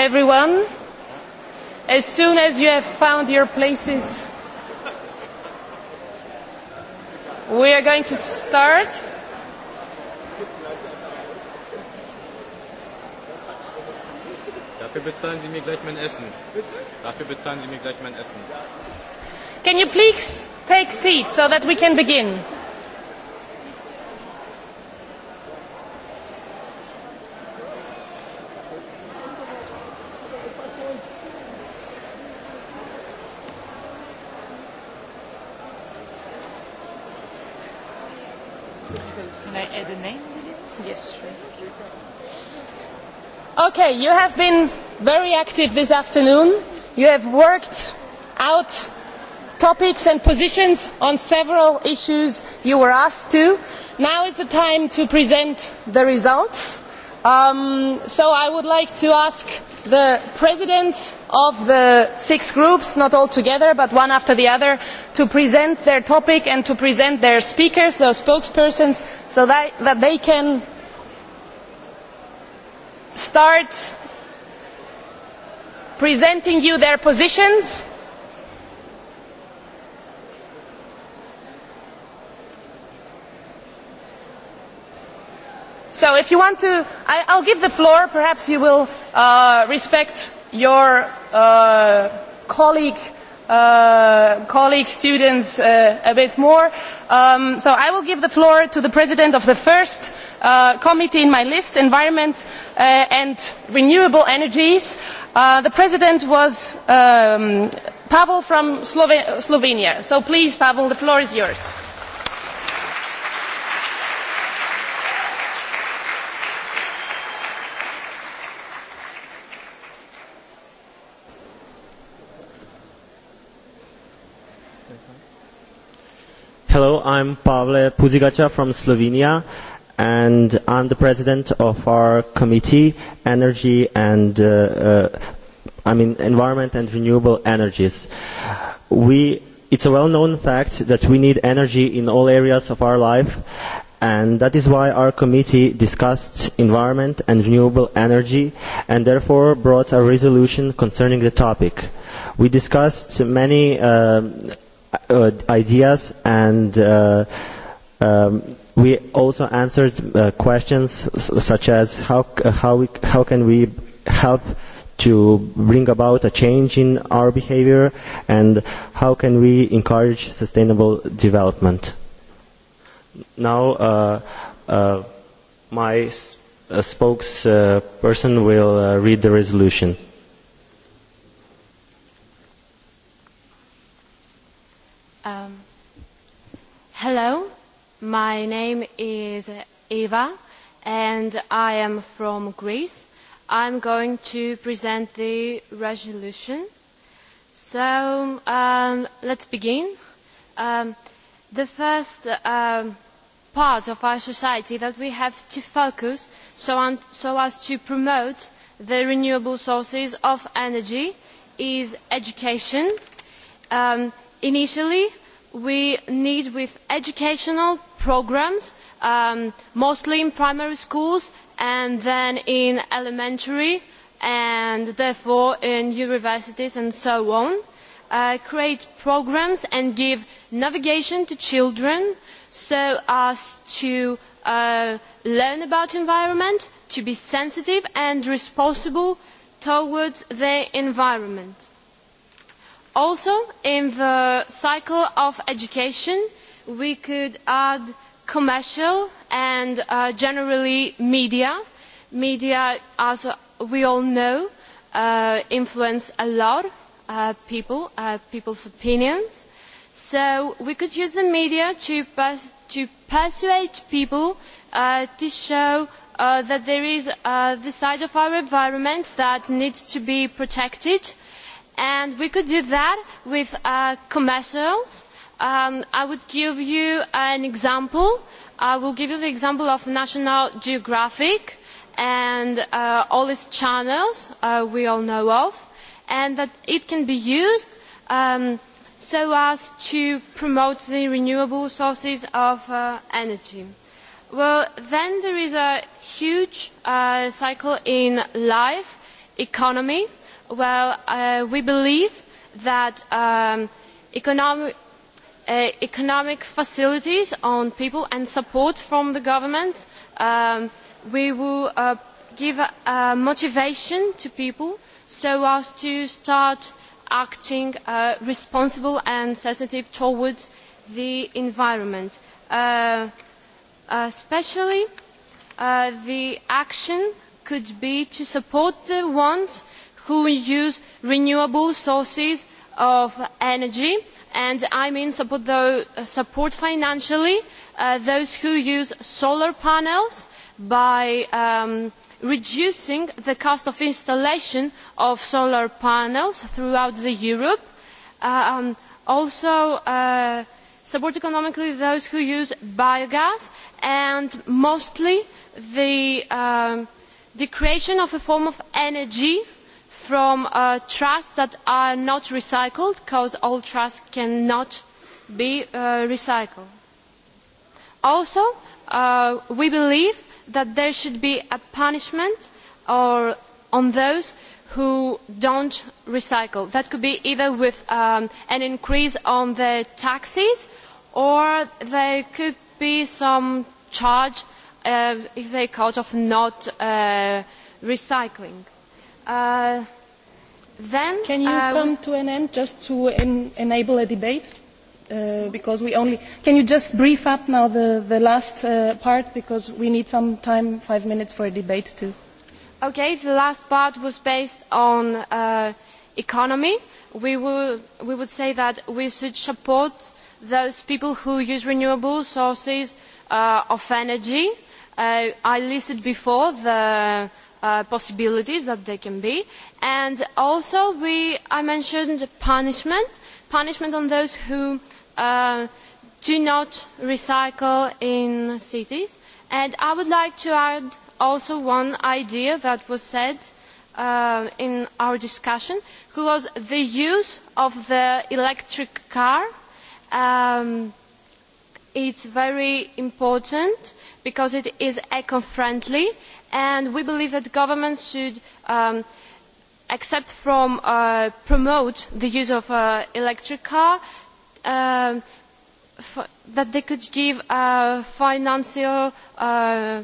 everyone. As soon as you have found your places, we are going to start. Dafür bezahlen Sie mir gleich mein Essen. Dafür bezahlen Sie mir gleich mein Essen. Can you please take seats so that we can begin? Okay, you have been very active this afternoon. You have worked out topics and positions on several issues you were asked to. Now is the time to present the results. so I would like to ask the presidents of the six groups, not all together, but one after the other, to present their topic and to present their speakers, their spokespersons, so that, that they can start presenting you their positions. So if you want to, I, I'll give the floor. Perhaps you will uh, respect your uh, colleague colleagues, students uh, a bit more. Um, so I will give the floor to the president of the first uh, committee in my list, Environment uh, and Renewable Energies. Uh, the president was um, Pavel from Sloven Slovenia. So please, Pavel, the floor is yours. Hello, I'm Pavle Puzigacha from Slovenia, and I'm the president of our committee, Energy and uh, uh, I mean Environment and Renewable Energies. We, it's a well-known fact that we need energy in all areas of our life, and that is why our committee discussed environment and renewable energy, and therefore brought a resolution concerning the topic. We discussed many. Uh, uh, ideas and uh, um, we also answered uh, questions such as how, how, we, how can we help to bring about a change in our behavior and how can we encourage sustainable development. Now uh, uh, my spokesperson will uh, read the resolution. Hello, my name is Eva and I am from Greece. I'm going to present the resolution. So um, let's begin. Um, the first um, part of our society that we have to focus so, on, so as to promote the renewable sources of energy is education. Um, initially, we need with educational programmes mostly in primary schools and then in elementary and therefore in universities and so on create programmes and give navigation to children so as to learn about the environment to be sensitive and responsible towards the environment Also, in the cycle of education, we could add commercial and generally media. Media, as we all know, influence a lot uh, people, uh, people's opinions. So we could use the media to, to persuade people uh, to show uh, that there is uh, the side of our environment that needs to be protected and we could do that with uh, commercials. Um, I would give you an example. I will give you the example of National Geographic and uh, all its channels uh, we all know of, and that it can be used um, so as to promote the renewable sources of uh, energy. Well, then there is a huge uh, cycle in life, economy, Well, uh, we believe that um, economic, uh, economic facilities on people and support from the government, um, we will uh, give a, a motivation to people so as to start acting uh, responsible and sensitive towards the environment. Uh, especially, uh, the action could be to support the ones who use renewable sources of energy and i mean support financially those who use solar panels by reducing the cost of installation of solar panels throughout europe also support economically those who use biogas and mostly the creation of a form of energy from trusts that are not recycled because all trusts cannot be recycled. Also, we believe that there should be a punishment on those who don't recycle. That could be either with an increase on the taxes or there could be some charge if they caught of not recycling Uh, then can you come to an end just to en enable a debate? Uh, because we only can you just brief up now the the last uh, part because we need some time, five minutes for a debate too. Okay, the last part was based on uh, economy. We will we would say that we should support those people who use renewable sources uh, of energy. Uh, I listed before the possibilities that they can be. And also, we, I mentioned punishment, punishment on those who do not recycle in cities. And I would like to add also one idea that was said in our discussion, which was the use of the electric car. Um, it's very important because it is eco-friendly and we believe that governments should accept from uh, promote the use of uh, electric car that they could give uh, financial uh,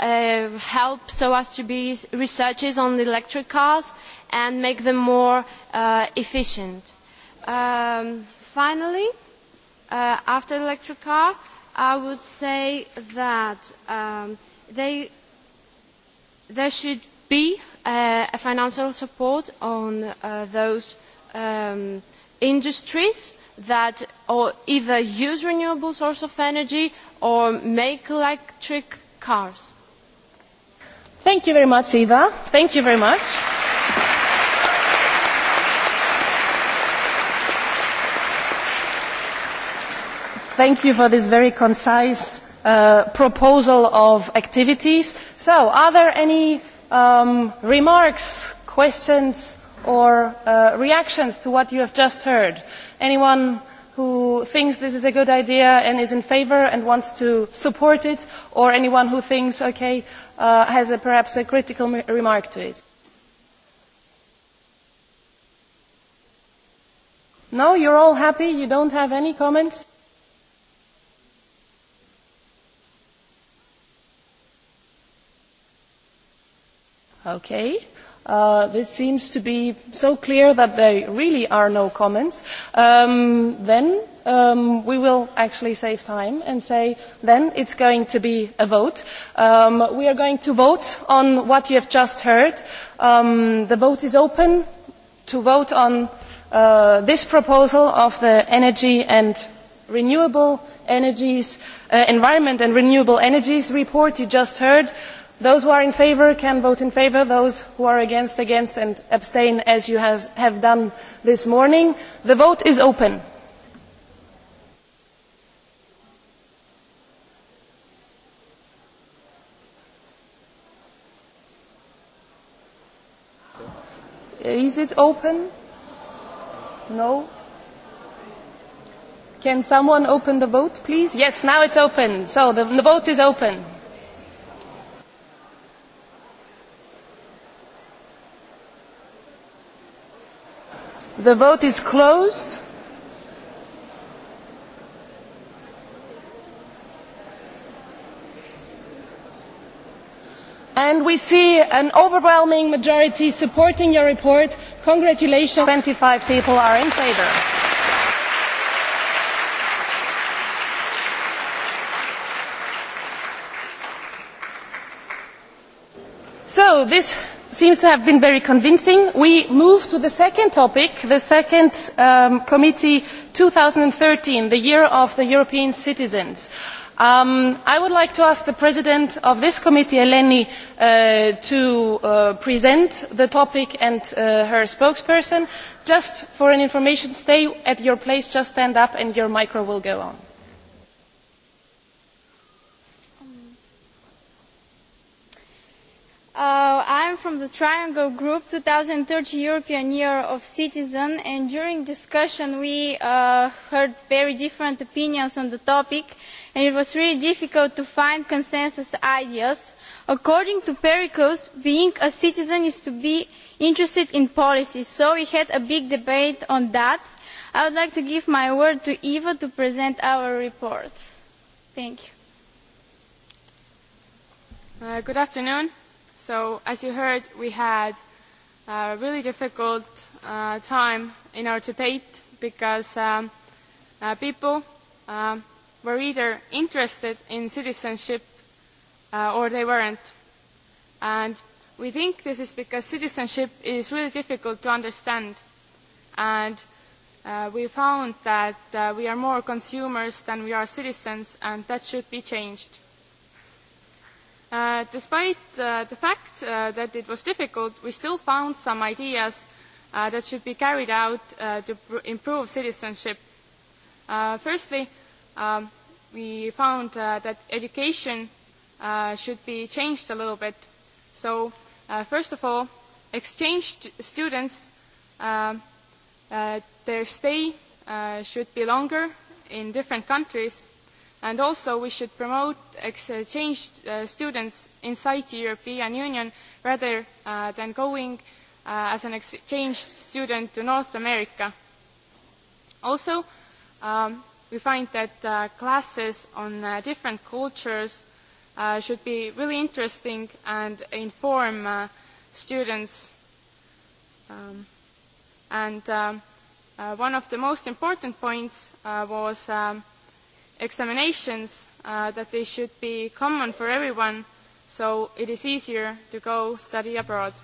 uh, help so as to be researches on electric cars and make them more uh, efficient. Um, finally, uh, after electric car, I would say that um, they there should be a financial support on those industries that either use renewable source of energy or make electric cars. Thank you very much, Eva. Thank you very much. Thank you for this very concise proposal of activities. So are there any remarks, questions or reactions to what you have just heard? Anyone who thinks this is a good idea and is in favour and wants to support it or anyone who thinks, okay, uh has a perhaps a critical remark to it? No, you're all happy, you don't have any comments? Okay. Uh, this seems to be so clear that there really are no comments. Um, then um, we will actually save time and say then it's going to be a vote. Um, we are going to vote on what you have just heard. Um, the vote is open to vote on uh, this proposal of the energy and renewable energies, uh, environment and renewable energies report you just heard those who are in favour can vote in favour those who are against against and abstain as you have done this morning. the vote is open. is it open? no? can someone open the vote please? yes now it's open. so the vote is open. The vote is closed. And we see an overwhelming majority supporting your report. Congratulations. 25 people are in favor. So this seems to have been very convincing. we move to the second topic the second committee 2013, thirteen the year of the european citizens. i would like to ask the president of this committee eleni to present the topic and her spokesperson. just for information stay at your place just stand up and your micro will go on. I am from the Triangle Group, 2030 European Year of Citizen, and during discussion we uh, heard very different opinions on the topic, and it was really difficult to find consensus ideas. According to Pericles, being a citizen is to be interested in policy, so we had a big debate on that. I would like to give my word to Eva to present our report. Thank you. Uh, good afternoon So as you heard, we had a really difficult uh, time in our debate because um, uh, people um, were either interested in citizenship uh, or they weren't. And we think this is because citizenship is really difficult to understand. And uh, we found that uh, we are more consumers than we are citizens, and that should be changed despite the fact that it was difficult, we still found some ideas that should be carried out to improve citizenship. firstly, we found that education should be changed a little bit. So, first of all, exchange students, their stay should be longer in different countries and also we should promote exchange students inside the European Union rather than going as an exchange student to North America. Also, we find that classes on different cultures should be really interesting and inform students. and one of the most important points was um, examinations uh, that they should be common for everyone so it is easier to go study abroad.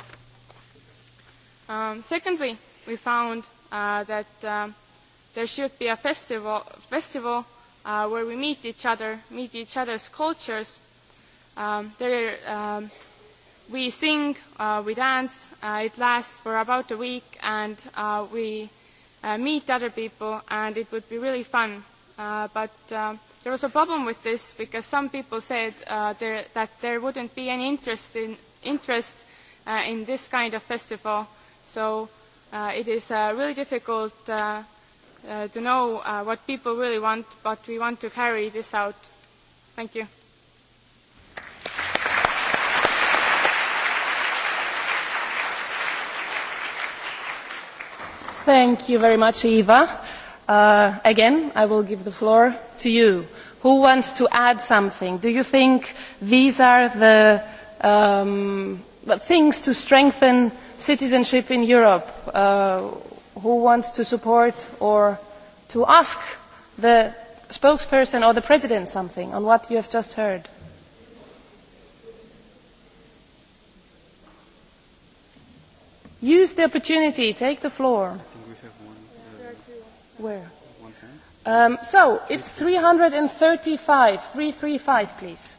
Um, secondly, we found uh, that uh, there should be a festival, festival uh, where we meet each other, meet each other's cultures. Um, there, um, we sing, uh, we dance, uh, it lasts for about a week and uh, we uh, meet other people and it would be really fun but there was a problem with this because some people said there, that there wouldn't be any interest in, interest, uh, in this kind of festival. So uh, it is uh, really difficult uh, uh, to know uh, what people really want, but we want to carry this out. Thank you. Thank you very much, Eva again, I will give the floor to you. Who wants to add something? Do you think these are the, um, things to strengthen citizenship in Europe? Uh, who wants to support or to ask the spokesperson or the president something on what you have just heard? Use the opportunity, take the floor. Where? Um, so it's 335. 335, please.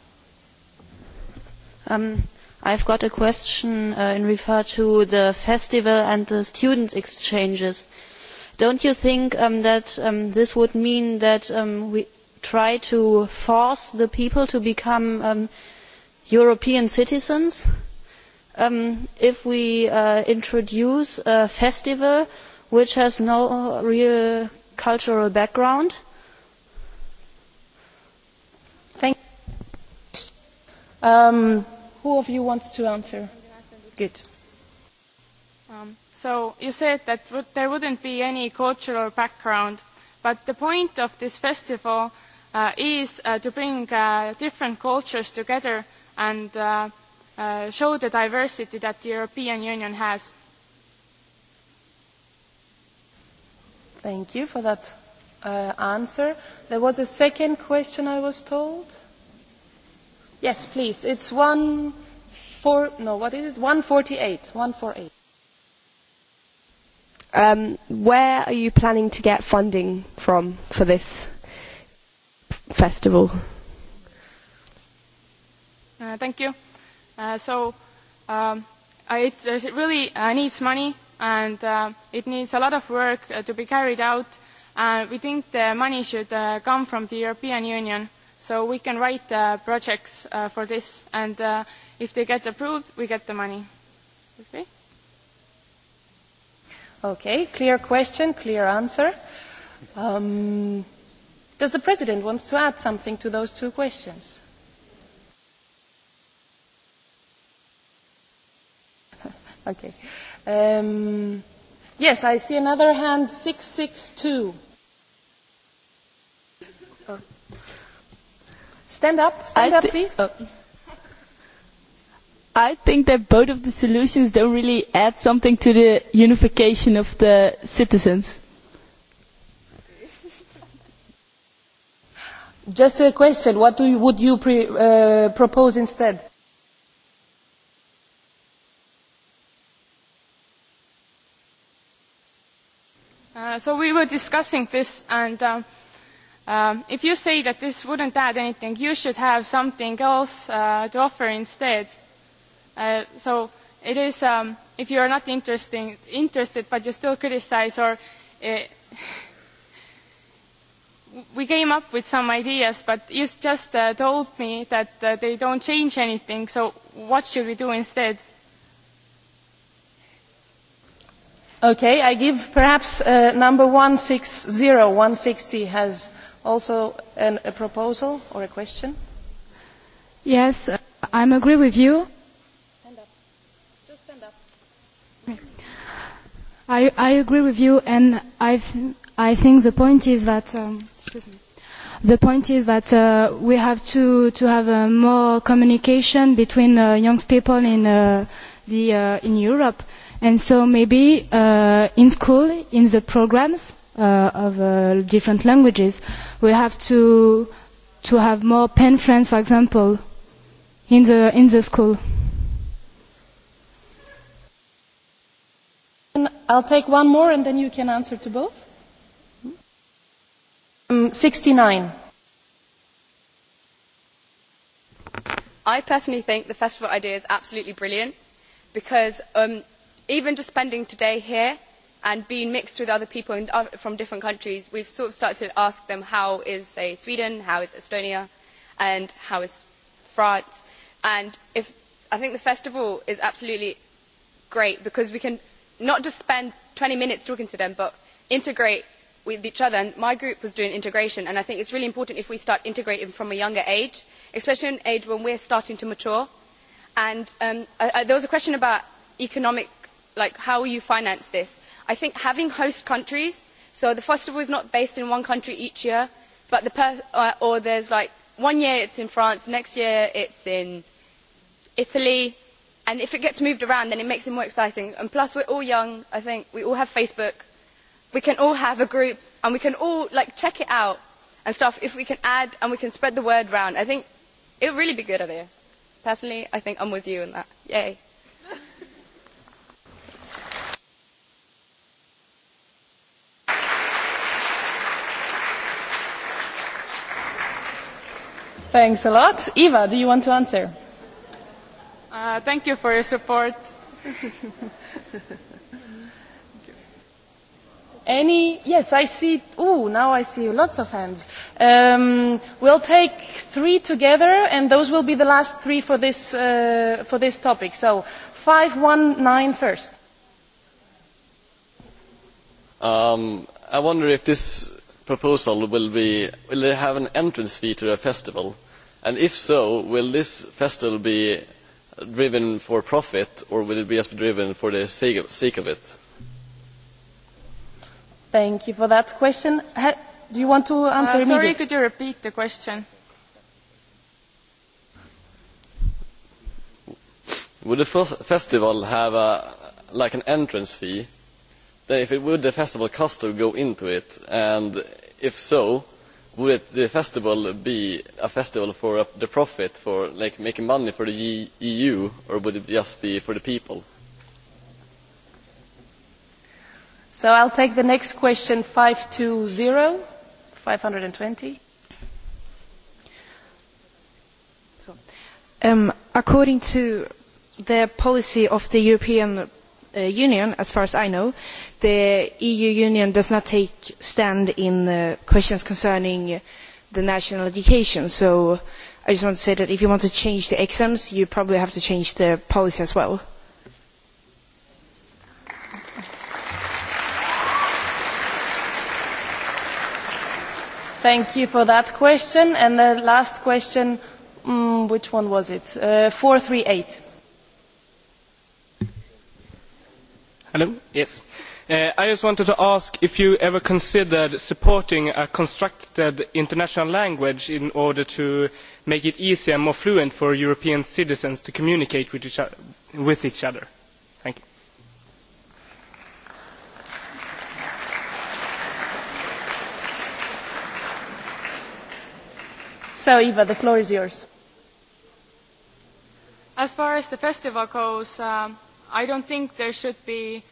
Um, I've got a question uh, in regard to the festival and the student exchanges. Don't you think um, that um, this would mean that um, we try to force the people to become um, European citizens? Um, if we uh, introduce a festival which has no real cultural background? Thank um, who of you wants to answer? Good. Um, so you said that w- there wouldn't be any cultural background, but the point of this festival uh, is uh, to bring uh, different cultures together and uh, uh, show the diversity that the European Union has Thank you for that uh, answer. There was a second question I was told. Yes, please. It's one four. No, what is it? One forty-eight. One forty eight. Um, where are you planning to get funding from for this festival? Uh, thank you. Uh, so um, I, it really uh, needs money and uh, it needs a lot of work uh, to be carried out. Uh, we think the money should uh, come from the European Union, so we can write uh, projects uh, for this, and uh, if they get approved, we get the money. Okay? Okay, clear question, clear answer. Um, does the President want to add something to those two questions? okay. Um, yes, I see another hand, six six two. Stand up, stand up, please. I think that both of the solutions don't really add something to the unification of the citizens. Just a question. What do you, would you pre, uh, propose instead? so we were discussing this, and um, if you say that this wouldn't add anything, you should have something else uh, to offer instead. Uh, so it is um, if you are not interesting, interested, but you still criticize, or uh, we came up with some ideas, but you just uh, told me that uh, they don't change anything. So what should we do instead? Okay, I give perhaps uh, number 160, 160 has also an, a proposal or a question. Yes, I agree with you. Stand up. Just stand up. I, I agree with you, and I, th- I think the point is that um, excuse me. The point is that uh, we have to, to have uh, more communication between uh, young people in, uh, the, uh, in Europe And so maybe uh, in school, in the programs uh, of uh, different languages, we have to to have more pen friends, for example, in the in the school. I'll take one more, and then you can answer to both. Um, 69. I personally think the festival idea is absolutely brilliant because um, even just spending today here and being mixed with other people from different countries we have sort of started to ask them how is say sweden how is estonia and how is france and if i think the festival is absolutely great because we can not just spend twenty minutes talking to them but integrate with each other and my group was doing integration and i think it is really important if we start integrating from a younger age especially an age when we are starting to mature and there was a question about economic like how will you finance this? I think having host countries, so the festival is not based in one country each year, but the per- uh, or there's like one year it's in France, next year it's in Italy, and if it gets moved around, then it makes it more exciting. And plus, we're all young. I think we all have Facebook. We can all have a group, and we can all like check it out and stuff. If we can add and we can spread the word round, I think it would really be a good idea. Personally, I think I'm with you on that. Yay. Thanks a lot. Eva, do you want to answer? Uh, thank you for your support. Any? Yes, I see. Ooh, now I see lots of hands. Um, we'll take three together, and those will be the last three for this uh, for this topic. So, five, one, nine first. Um, I wonder if this proposal will be will they have an entrance fee to the festival and if so will this festival be driven for profit or will it be just driven for the sake of, sake of it thank you for that question ha, do you want to answer uh, sorry could you repeat the question would the festival have a like an entrance fee would the festival cost to go into it? And if so, would the festival be a festival for the profit, for like making money for the EU, or would it just be for the people? So I'll take the next question, 520, 520. Um, according to the policy of the European Union, as far as I know, the EU Union does not take stand in questions concerning national education. So I just want to say that if you want to change the exams, you probably have to change the policy as well. Thank you for that question. And the last question, which one was it? four hundred thirty eight. Hello? Yes. Uh, I just wanted to ask if you ever considered supporting a constructed international language in order to make it easier and more fluent for European citizens to communicate with each, with each other. Thank you. So, Eva, the floor is yours. As far as the festival goes, I don't think there should be,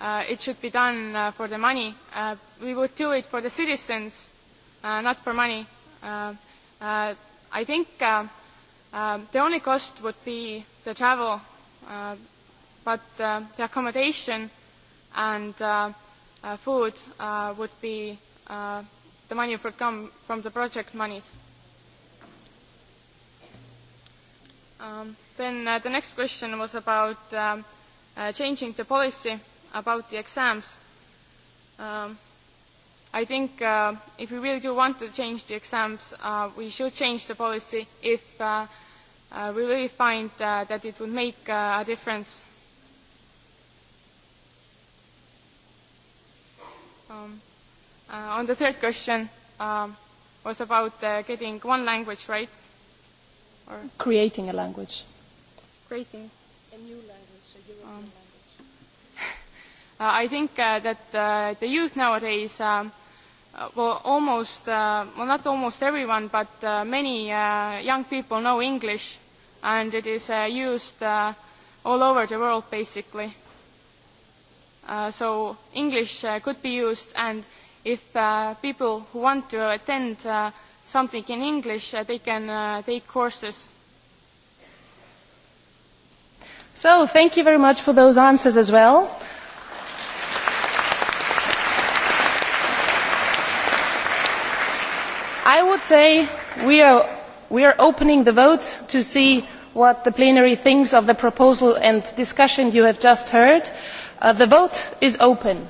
uh, it should be done uh, for the money. Uh, we would do it for the citizens, uh, not for money. Uh, uh, I think uh, uh, the only cost would be the travel, uh, but uh, the accommodation and uh, uh, food uh, would be uh, the money would come from the project monies. Um, then uh, the next question was about um, uh, changing the policy about the exams. Um, I think uh, if we really do want to change the exams, uh, we should change the policy if uh, uh, we really find uh, that it would make uh, a difference. Um, uh, on the third question um, was about uh, getting one language right. Or creating a language. Creating a new language I think uh, that uh, the youth nowadays, uh, well, almost, uh, well, not almost everyone, but uh, many uh, young people know English, and it is uh, used uh, all over the world, basically. Uh, so English uh, could be used, and if uh, people who want to attend uh, something in English, uh, they can uh, take courses So thank you very much for those answers as well. I would say we are, we are opening the vote to see what the plenary thinks of the proposal and discussion you have just heard. Uh, the vote is open.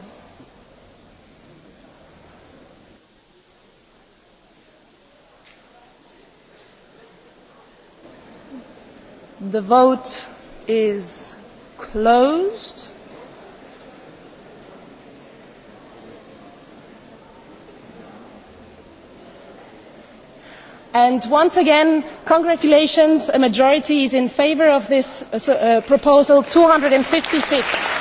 The vote is closed. And once again, congratulations, a majority is in favour of this uh, proposal, 256.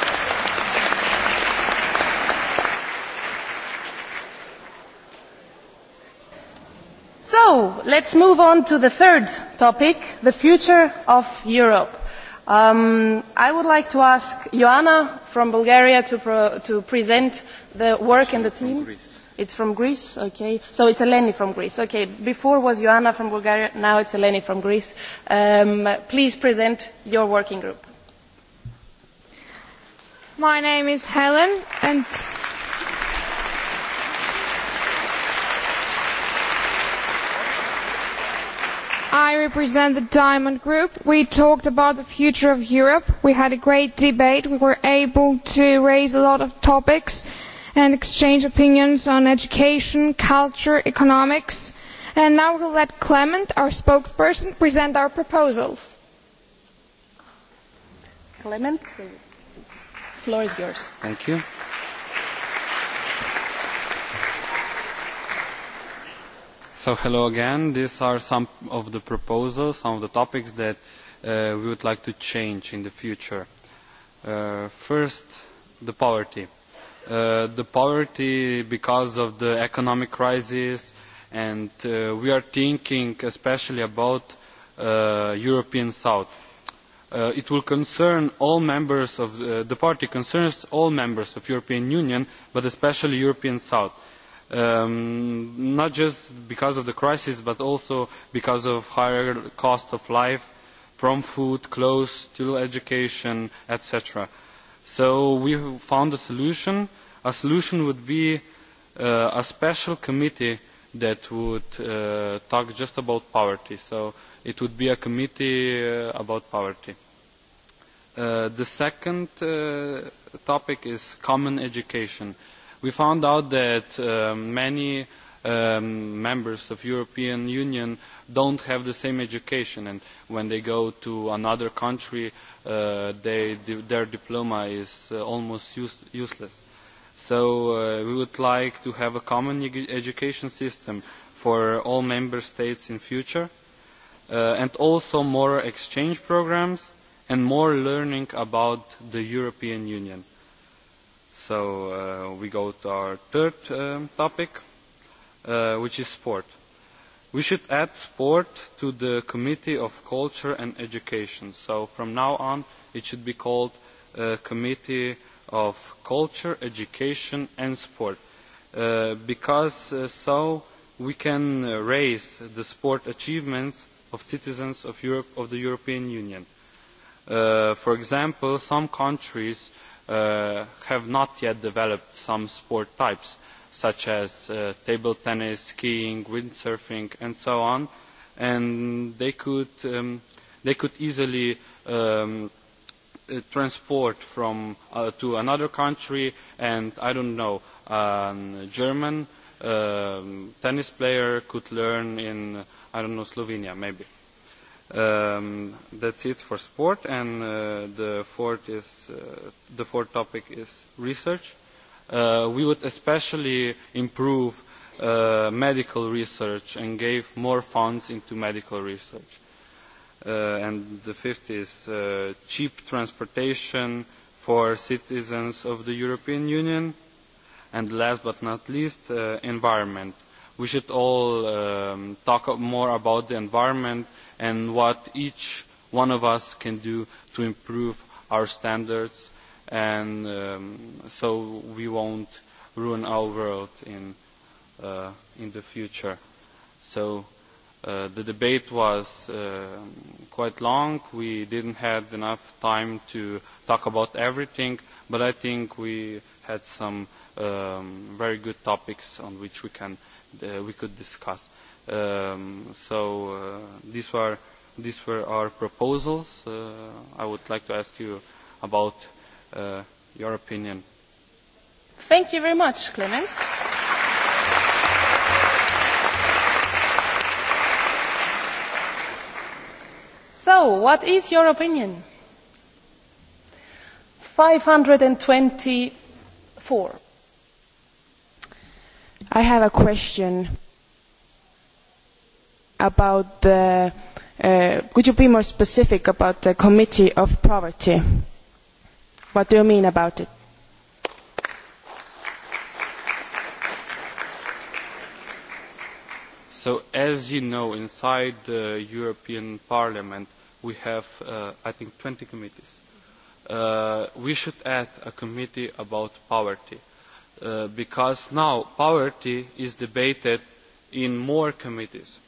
So, let's move on to the third topic, the future of Europe Um, I would like to ask Joanna from Bulgaria to, pro to present the work in the team. It's from Greece, okay. So it's Eleni from Greece, okay. Before was Joanna from Bulgaria, now it's Eleni from Greece. Um, please present your working group. My name is Helen, and I represent the Diamond Group. We talked about the future of Europe. We had a great debate. We were able to raise a lot of topics and exchange opinions on education, culture, economics. And now we'll let Clement, our spokesperson, present our proposals. Clement, the floor is yours. Thank you. So hello again. These are some of the proposals, some of the topics that uh, we would like to change in the future. Uh, first, the poverty. Uh, the poverty because of the economic crisis, and uh, we are thinking especially about uh, European South. Uh, it will concern all members of uh, the party concerns all members of European Union, but especially European South not just because of the crisis but also because of higher cost of life from food, clothes to education, etc. So we found a solution. A solution would be a special committee that would talk just about poverty. So it would be a committee about poverty. the second topic is common education We found out that many members of the European Union don't have the same education and when they go to another country their diploma is almost useless. So we would like to have a common education system for all member states in future and also more exchange programmes and more learning about the European Union So uh, we go to our third um, topic, uh, which is sport. We should add sport to the Committee of Culture and Education. So from now on, it should be called uh, Committee of Culture, Education and Sport. Uh, because uh, so we can uh, raise the sport achievements of citizens of, Europe, of the European Union. Uh, for example, some countries uh, have not yet developed some sport types such as table tennis, skiing, windsurfing and so on and they could easily transport from to another country and I don't know a German tennis player could learn in I don't know Slovenia maybe Um, that's it for sport, and uh, the fourth is uh, the fourth topic is research. Uh, we would especially improve uh, medical research and gave more funds into medical research. Uh, and the fifth is uh, cheap transportation for citizens of the European Union. And last but not least, uh, environment we should all um, talk more about the environment and what each one of us can do to improve our standards and um, so we won't ruin our world in, uh, in the future. So uh, the debate was uh, quite long. We didn't have enough time to talk about everything, but I think we had some um, very good topics on which we can uh, we could discuss. Um, so uh, these were these were our proposals. Uh, I would like to ask you about uh, your opinion. Thank you very much, Clemens. So, what is your opinion? 524. I have a question about the. Uh, could you be more specific about the Committee of Poverty? What do you mean about it? So, as you know, inside the European Parliament, we have, uh, I think, 20 committees. Uh, we should add a committee about poverty because now poverty is debated in more committees.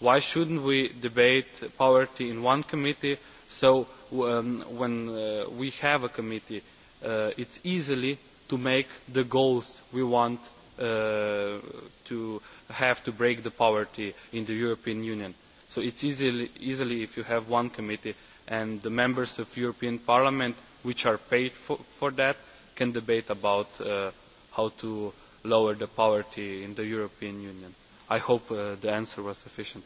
Why shouldn't we debate poverty in one committee so when we have a committee it's easily to make the goals we want to have to break the poverty in the European Union. So it's easily, easily if you have one committee and the members of European Parliament which are paid for, for that can debate about uh, how to lower the poverty in the European Union. I hope uh, the answer was sufficient.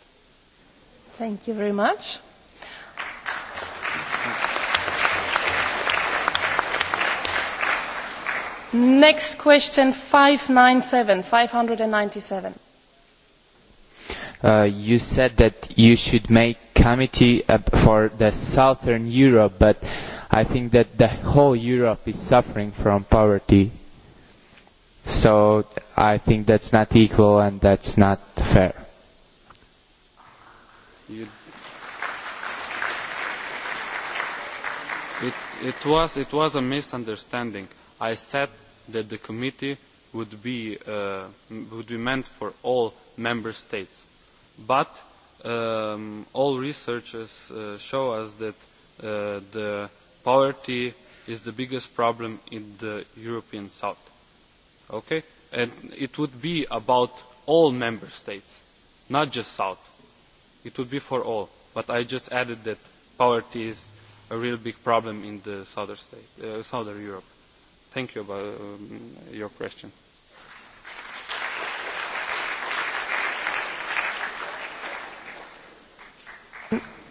Thank you very much. Next question, 597, 597. Uh, you said that you should make committee for the southern Europe, but I think that the whole Europe is suffering from poverty So I think that's not equal and that's not fair. You it, it, was, it was a misunderstanding. I said that the committee would be, uh, would be meant for all member states. But um, all researchers uh, show us that uh, the poverty is the biggest problem in the European South okay? And it would be about all member states, not just South. It would be for all. But I just added that poverty is a real big problem in the southern, state, uh, southern Europe. Thank you about um, your question.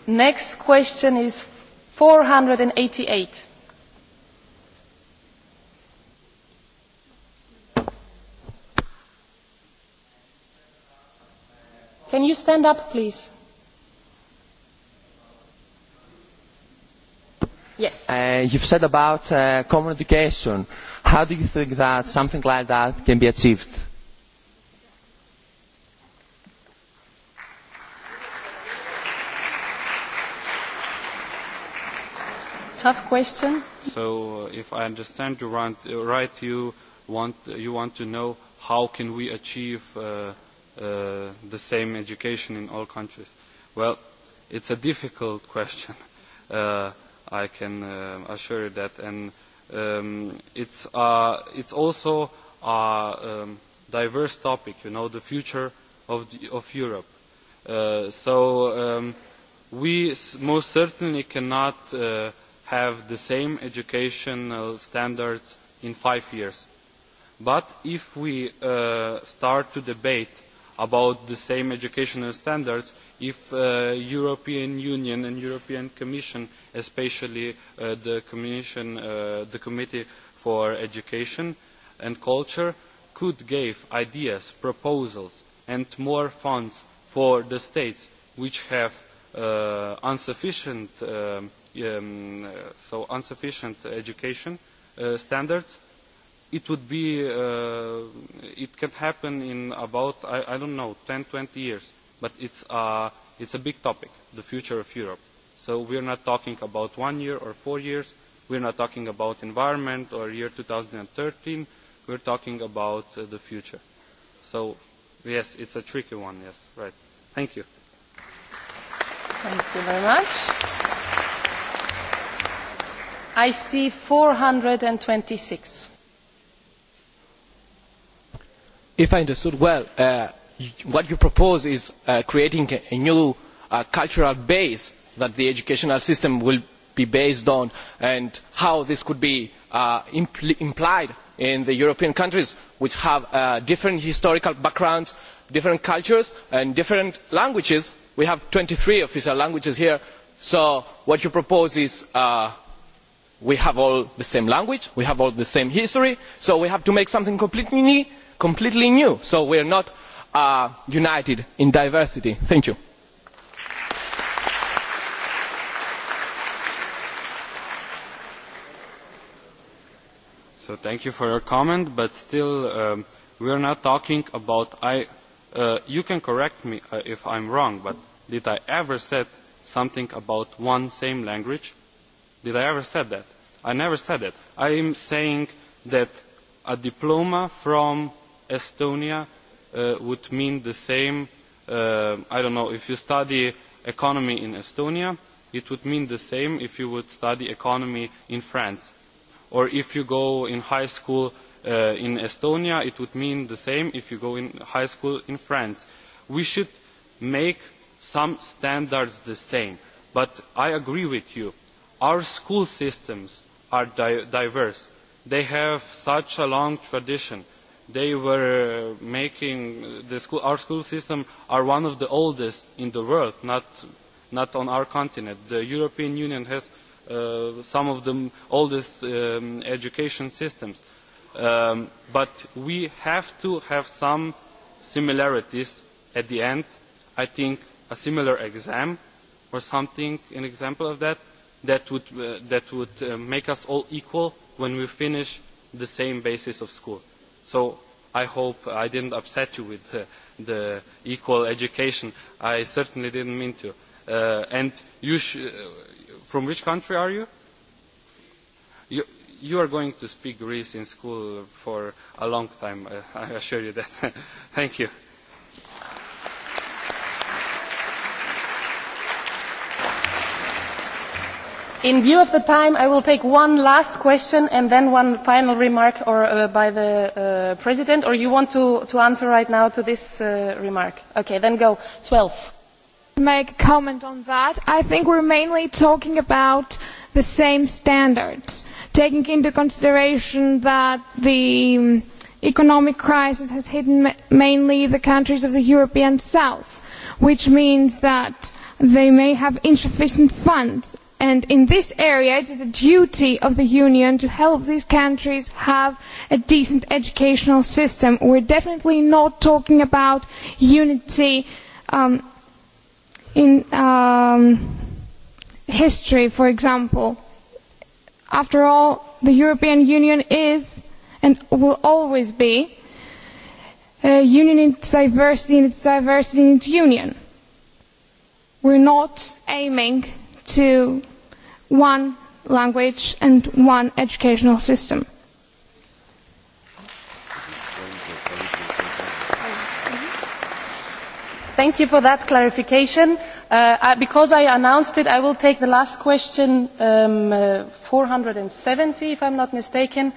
Next question is 488. Can you stand up, please? Yes. Uh, you've said about uh, common education. How do you think that something like that can be achieved? Tough question. So, uh, if I understand you right, you want you want to know how can we achieve. Uh, uh, the same education in all countries? Well, it's a difficult question. Uh, I can uh, assure you that, and um, it's uh, it's also a um, diverse topic. You know, the future of the, of Europe. Uh, so um, we most certainly cannot uh, have the same educational standards in five years. But if we uh, start to debate about the same educational standards if the European Union and European Commission, especially the, Commission, the Committee for Education and Culture, could give ideas, proposals and more funds for the states which have insufficient, education standards it would be uh, it can happen in about I, I don't know 10 20 years but it's uh, it's a big topic the future of Europe so we're not talking about one year or four years we're not talking about environment or year 2013 we're talking about uh, the future so yes it's a tricky one yes right thank you thank you very much I see 426 if I understood well, what you propose is creating a new cultural base that the educational system will be based on and how this could be implied in the European countries which have different historical backgrounds, different cultures and different languages. We have twenty three official languages here, so what you propose is uh, we have all the same language, we have all the same history, so we have to make something completely new completely new. So we are not uh, united in diversity. Thank you. So thank you for your comment, but still um, we are not talking about. I, uh, you can correct me uh, if I'm wrong, but did I ever said something about one same language? Did I ever said that? I never said that. I am saying that a diploma from Estonia would mean the same. I don't know if you study economy in Estonia, it would mean the same if you would study economy in France, or if you go in high school in Estonia, it would mean the same if you go in high school in France. We should make some standards the same. But I agree with you. Our school systems are diverse. They have such a long tradition they were making the school, our school system are one of the oldest in the world, not not on our continent. The European Union has uh, some of the oldest um, education systems, um, but we have to have some similarities at the end. I think a similar exam or something, an example of that, that would uh, that would uh, make us all equal when we finish the same basis of school So I hope I didn't upset you with the equal education. I certainly didn't mean to. Uh, and you sh from which country are you? you? You are going to speak Greece in school for a long time, I assure you that. Thank you. in view of the time i will take one last question and then one final remark by the president or you want to answer right now to this remark? okay then go. twelve. make a comment on that. i think we are mainly talking about the same standards taking into consideration that the economic crisis has hit mainly the countries of the european south which means that they may have insufficient funds And in this area, it is the duty of the Union to help these countries have a decent educational system. We are definitely not talking about unity in history, for example. After all, the European Union is and will always be a union in its diversity, and its diversity in its union. We're not aiming to one language and one educational system. Thank you for that clarification. Uh, because I announced it, I will take the last question, um, uh, 470, if I'm not mistaken.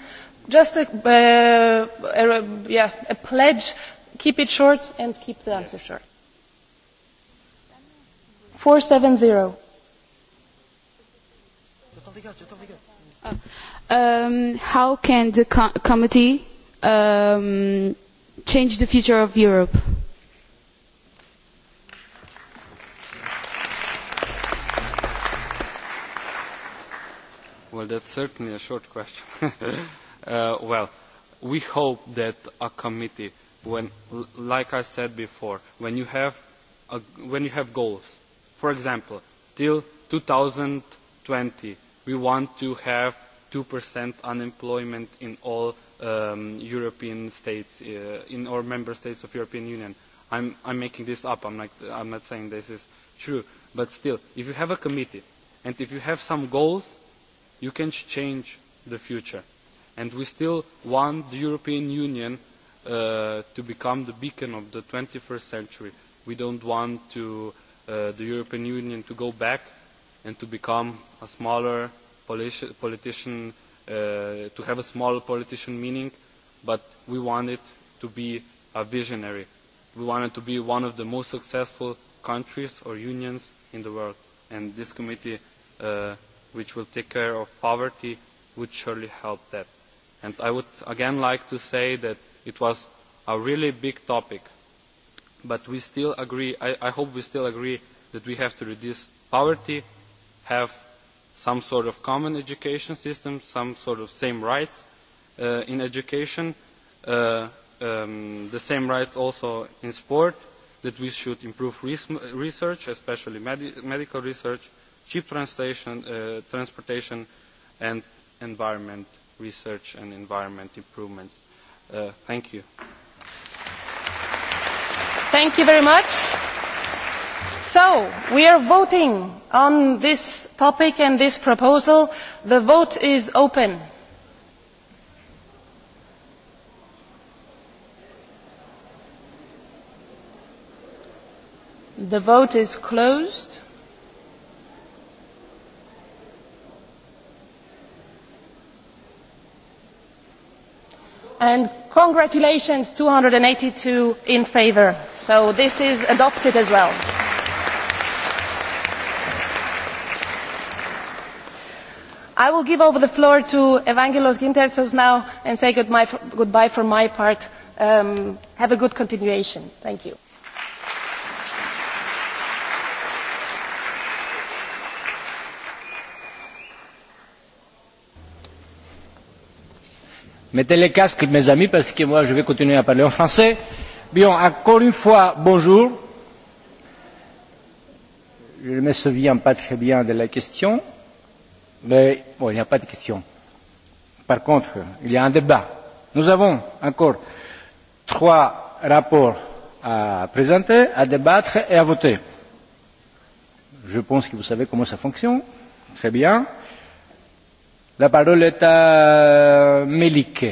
Just a, uh, a, yeah, a pledge, keep it short and keep the answer short. 470. Um, how can the co- committee um, change the future of Europe? Well, that's certainly a short question. uh, well, we hope that a committee, when, like I said before, when you have, a, when you have goals, for example, till 2020, we want to have 2% unemployment in all European states, uh in all member states of European Union. I'm, I'm making this up. I'm not, I'm not saying this is true. But still, if you have a committee and if you have some goals, you can change the future. And we still want the European Union uh to become the beacon of the twenty first century. We don't want to, uh the European Union to go back and to become a smaller politician, uh, to have a small politician meaning, but we want it to be a visionary. We want it to be one of the most successful countries or unions in the world. And this committee, uh, which will take care of poverty, would surely help that. And I would again like to say that it was a really big topic, but we still agree, I, I hope we still agree that we have to reduce poverty, have some sort of common education system, some sort of same rights uh, in education, uh, um, the same rights also in sport, that we should improve research, especially med medical research, cheap translation, uh, transportation, and environment research and environment improvements. Uh, thank you. Thank you very much. So, we are voting on this topic and this proposal. The vote is open. The vote is closed. And congratulations, two hundred and eighty two in favour. So this is adopted as well. I will give over the floor to Evangelos Gintertsos now and say goodbye for my part. Um, have a good continuation. Thank you. Mettez les casques, mes amis, parce que moi, je vais continuer à parler en français. Bien, encore une fois, bonjour. Je ne me souviens pas très bien de la question Mais bon, il n'y a pas de question. Par contre, il y a un débat. Nous avons encore trois rapports à présenter, à débattre et à voter. Je pense que vous savez comment ça fonctionne. Très bien. La parole est à Melik,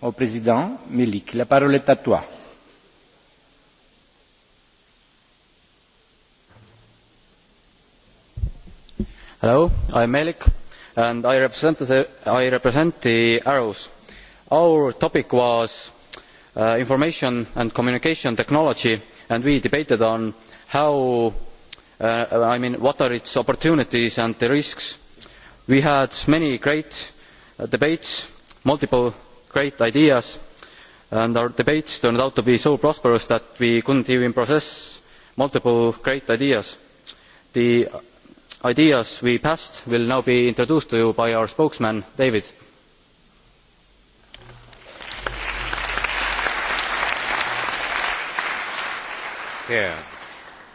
au président Melik. La parole est à toi. Hello, am malik and I represent the, I Arrows. Our topic was information and communication technology and we debated on how, I mean, what are its opportunities and the risks. We had many great debates, multiple great ideas and our debates turned out to be so prosperous that we could not even process multiple great ideas. The ideas we passed will now be introduced to you by our spokesman david.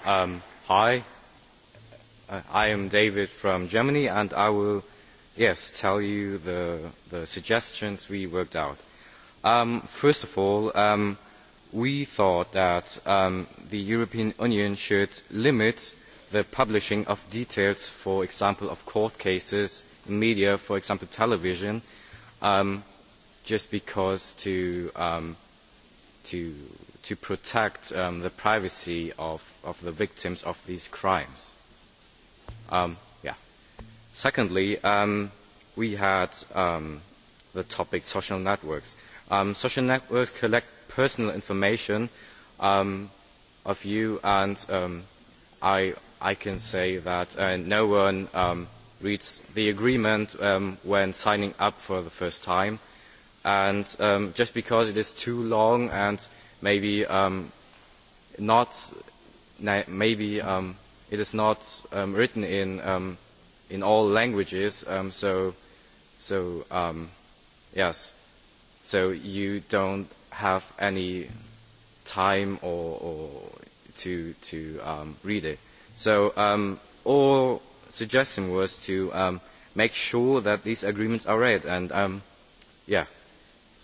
i am david from germany and i will tell you the suggestions we worked out. first of all we thought that the european union should limit the publishing of details, for example, of court cases, in media, for example, television, just because to, um to, to protect um the privacy of, of the victims of these crimes. Um yeah. Secondly, um we had um the topic social networks. Um social networks collect personal information um of you and um I I can say that no one reads the agreement when signing up for the first time. And just because it is too long and maybe not, maybe it is not written in in all languages. so, so yes, so you don't have any time or, or to to read it So um, our suggestion was to um, make sure that these agreements are read. And um, yeah,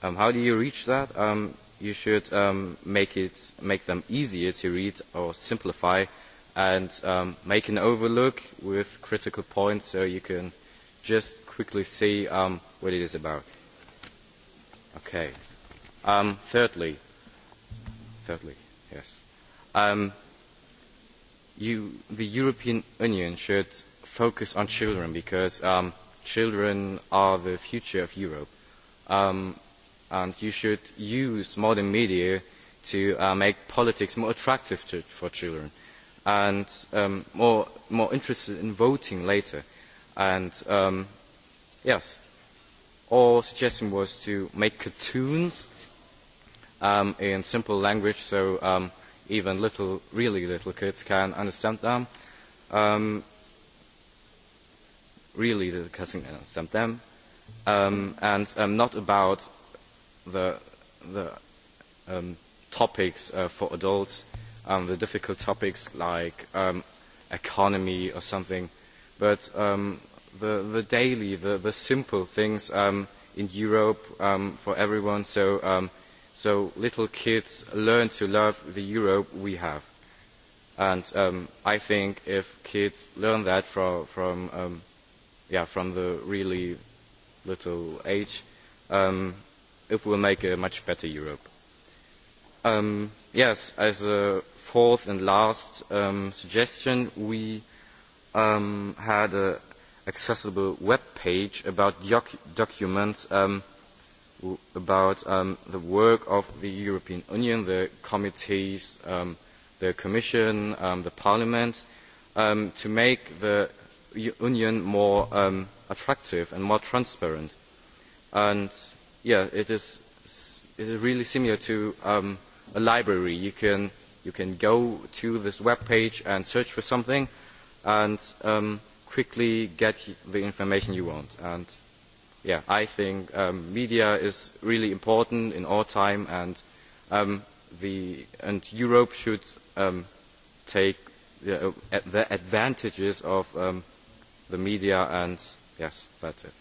um, how do you reach that? Um, you should um, make, it, make them easier to read or simplify and um, make an overlook with critical points so you can just quickly see um, what it is about. Okay. Um, thirdly, thirdly, yes. Um, the European Union should focus on children because children are the future of Europe. and you should use modern media to make politics more attractive for children and more, more interested in voting later. And yes, our suggestion was to make cartoons in simple language so um, even little, really little kids can understand them. Um, really little kids can understand them. Um, and um, not about the, the um, topics uh, for adults, um, the difficult topics like um, economy or something, but um, the, the daily, the, the simple things um, in Europe um, for everyone. So um, so little kids learn to love the Europe we have. And um, I think if kids learn that from, from, um, yeah, from the really little age, um, it will make a much better Europe. Um, yes, as a fourth and last um, suggestion, we um, had an accessible web page about doc documents um, about um, the work of the European Union, the committees, um, the Commission, um, the Parliament, um, to make the Union more um, attractive and more transparent. And yeah, it is, it is really similar to um, a library. You can, you can go to this web page and search for something and um, quickly get the information you want. And yeah, I think um, media is really important in all time, and um, the and Europe should um, take the, uh, the advantages of um, the media. And yes, that's it.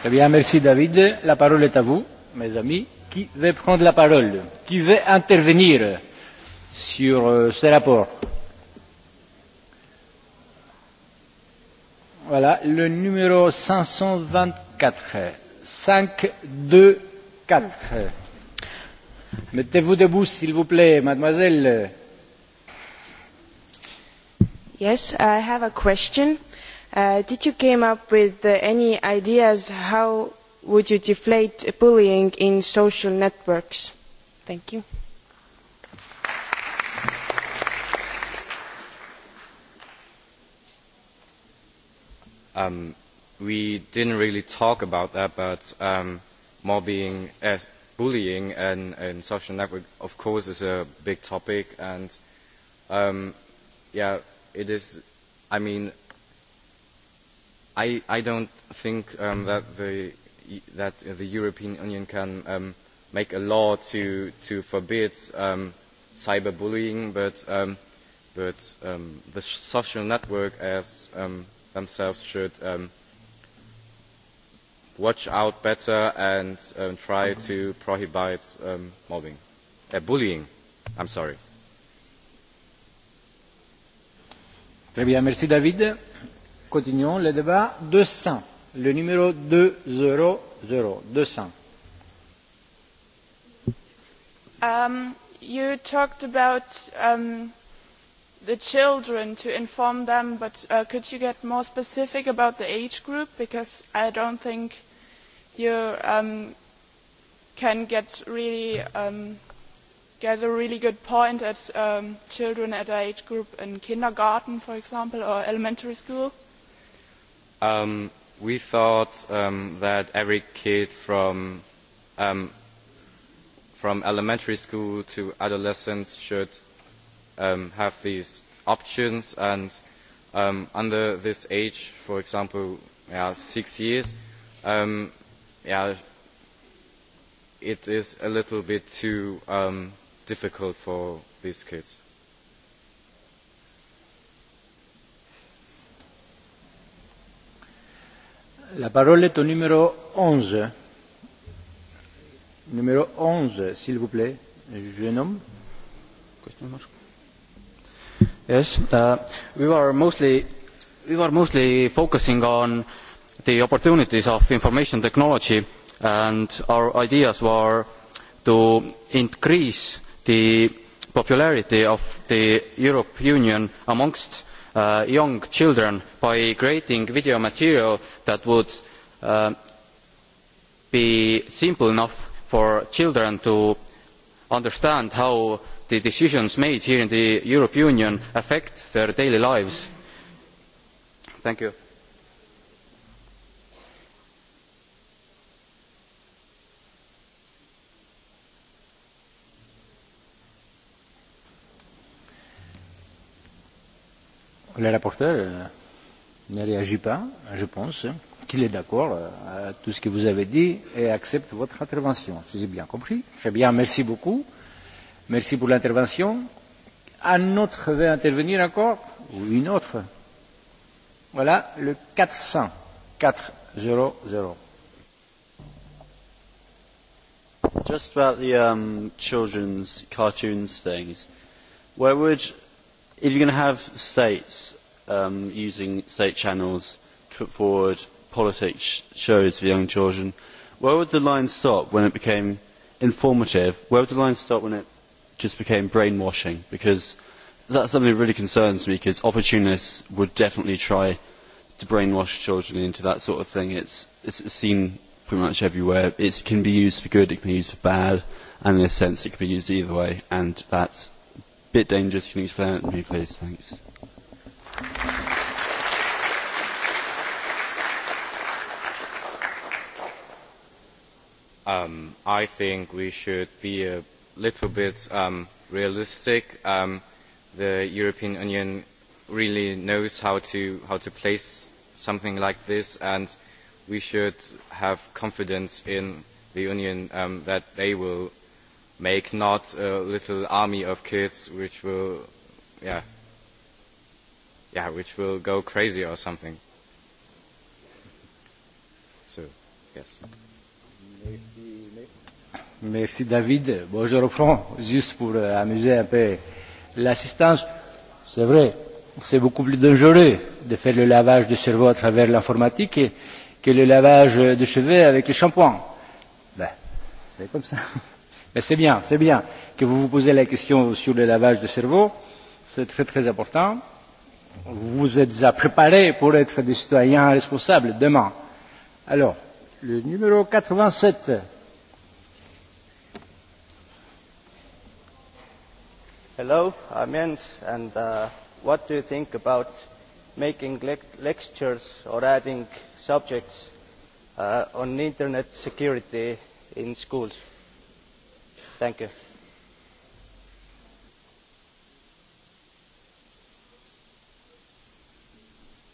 Très bien, merci David. La parole est à vous, mes amis. Qui veut prendre la parole Qui veut intervenir sur ce rapport. Voilà, le numéro 524. 5, 2, 4. Mettez-vous debout, s'il vous plaît, mademoiselle. Yes, I have a question. Uh, did you came up with any ideas how would you deflate bullying in social networks? Thank you. Um, we didn't really talk about that, but um, mobbing, uh, bullying, and, and social network, of course, is a big topic. And um, yeah, it is. I mean, I I don't think um, that the that the European Union can um, make a law to to forbid um, cyberbullying, but um, but um, the social network as um, themselves should watch out better and try to prohibit mobbing, uh, bullying. I'm sorry. Très bien, merci David. Continuons le débat. 200, le numéro 200. Um, you talked about um, the children to inform them, but could you get more specific about the age group? Because I don't think you can get a really good point at children at the age group in kindergarten, for example, or elementary school. we thought that every kid from from elementary school to adolescence should have these options and under this age, for example, yeah, six years, um, yeah, it is a little bit too um, difficult for these kids. La parole est au numéro 11. Numéro 11, s'il vous plaît, jeune homme. Yes. We were mostly focusing on the opportunities of information technology, and our ideas were to increase the popularity of the European Union amongst young children by creating video material that would be simple enough for children to understand how the decisions made here in the european union affect their daily lives. Le rapporteur ne réagit pas, je pense qu'il est d'accord à tout ce que vous avez dit et accepte votre intervention. Si j'ai bien compris. Très bien, merci beaucoup Merci pour l'intervention. Un autre veut intervenir encore Ou une autre Voilà, le 400. 400. Just about the um, children's cartoons things. Where would, if you're going to have states um, using state channels to put forward politics shows for young children, where would the line stop when it became informative? Where would the line stop when it just became brainwashing because that's something that really concerns me because opportunists would definitely try to brainwash children into that sort of thing. It's, it's seen pretty much everywhere. It can be used for good, it can be used for bad, and in a sense it can be used either way, and that's a bit dangerous. Can you explain it to me, please? Thanks. Um, I think we should be a little bit um, realistic. Um, the European Union really knows how to, how to place something like this, and we should have confidence in the Union um, that they will make not a little army of kids which will, yeah, yeah, which will go crazy or something. So, yes. Merci. Merci David. Bon, je reprends juste pour amuser un peu l'assistance. C'est vrai, c'est beaucoup plus dangereux de faire le lavage de cerveau à travers l'informatique que le lavage de cheveux avec le shampoing. Ben, c'est comme ça. Mais c'est bien, c'est bien que vous vous posez la question sur le lavage de cerveau. C'est très très important. Vous vous êtes déjà préparé pour être des citoyens responsables demain. Alors, le numéro 87. Hello, I'm Jens, and uh, what do you think about making le lectures or adding subjects uh, on internet security in schools? Thank you.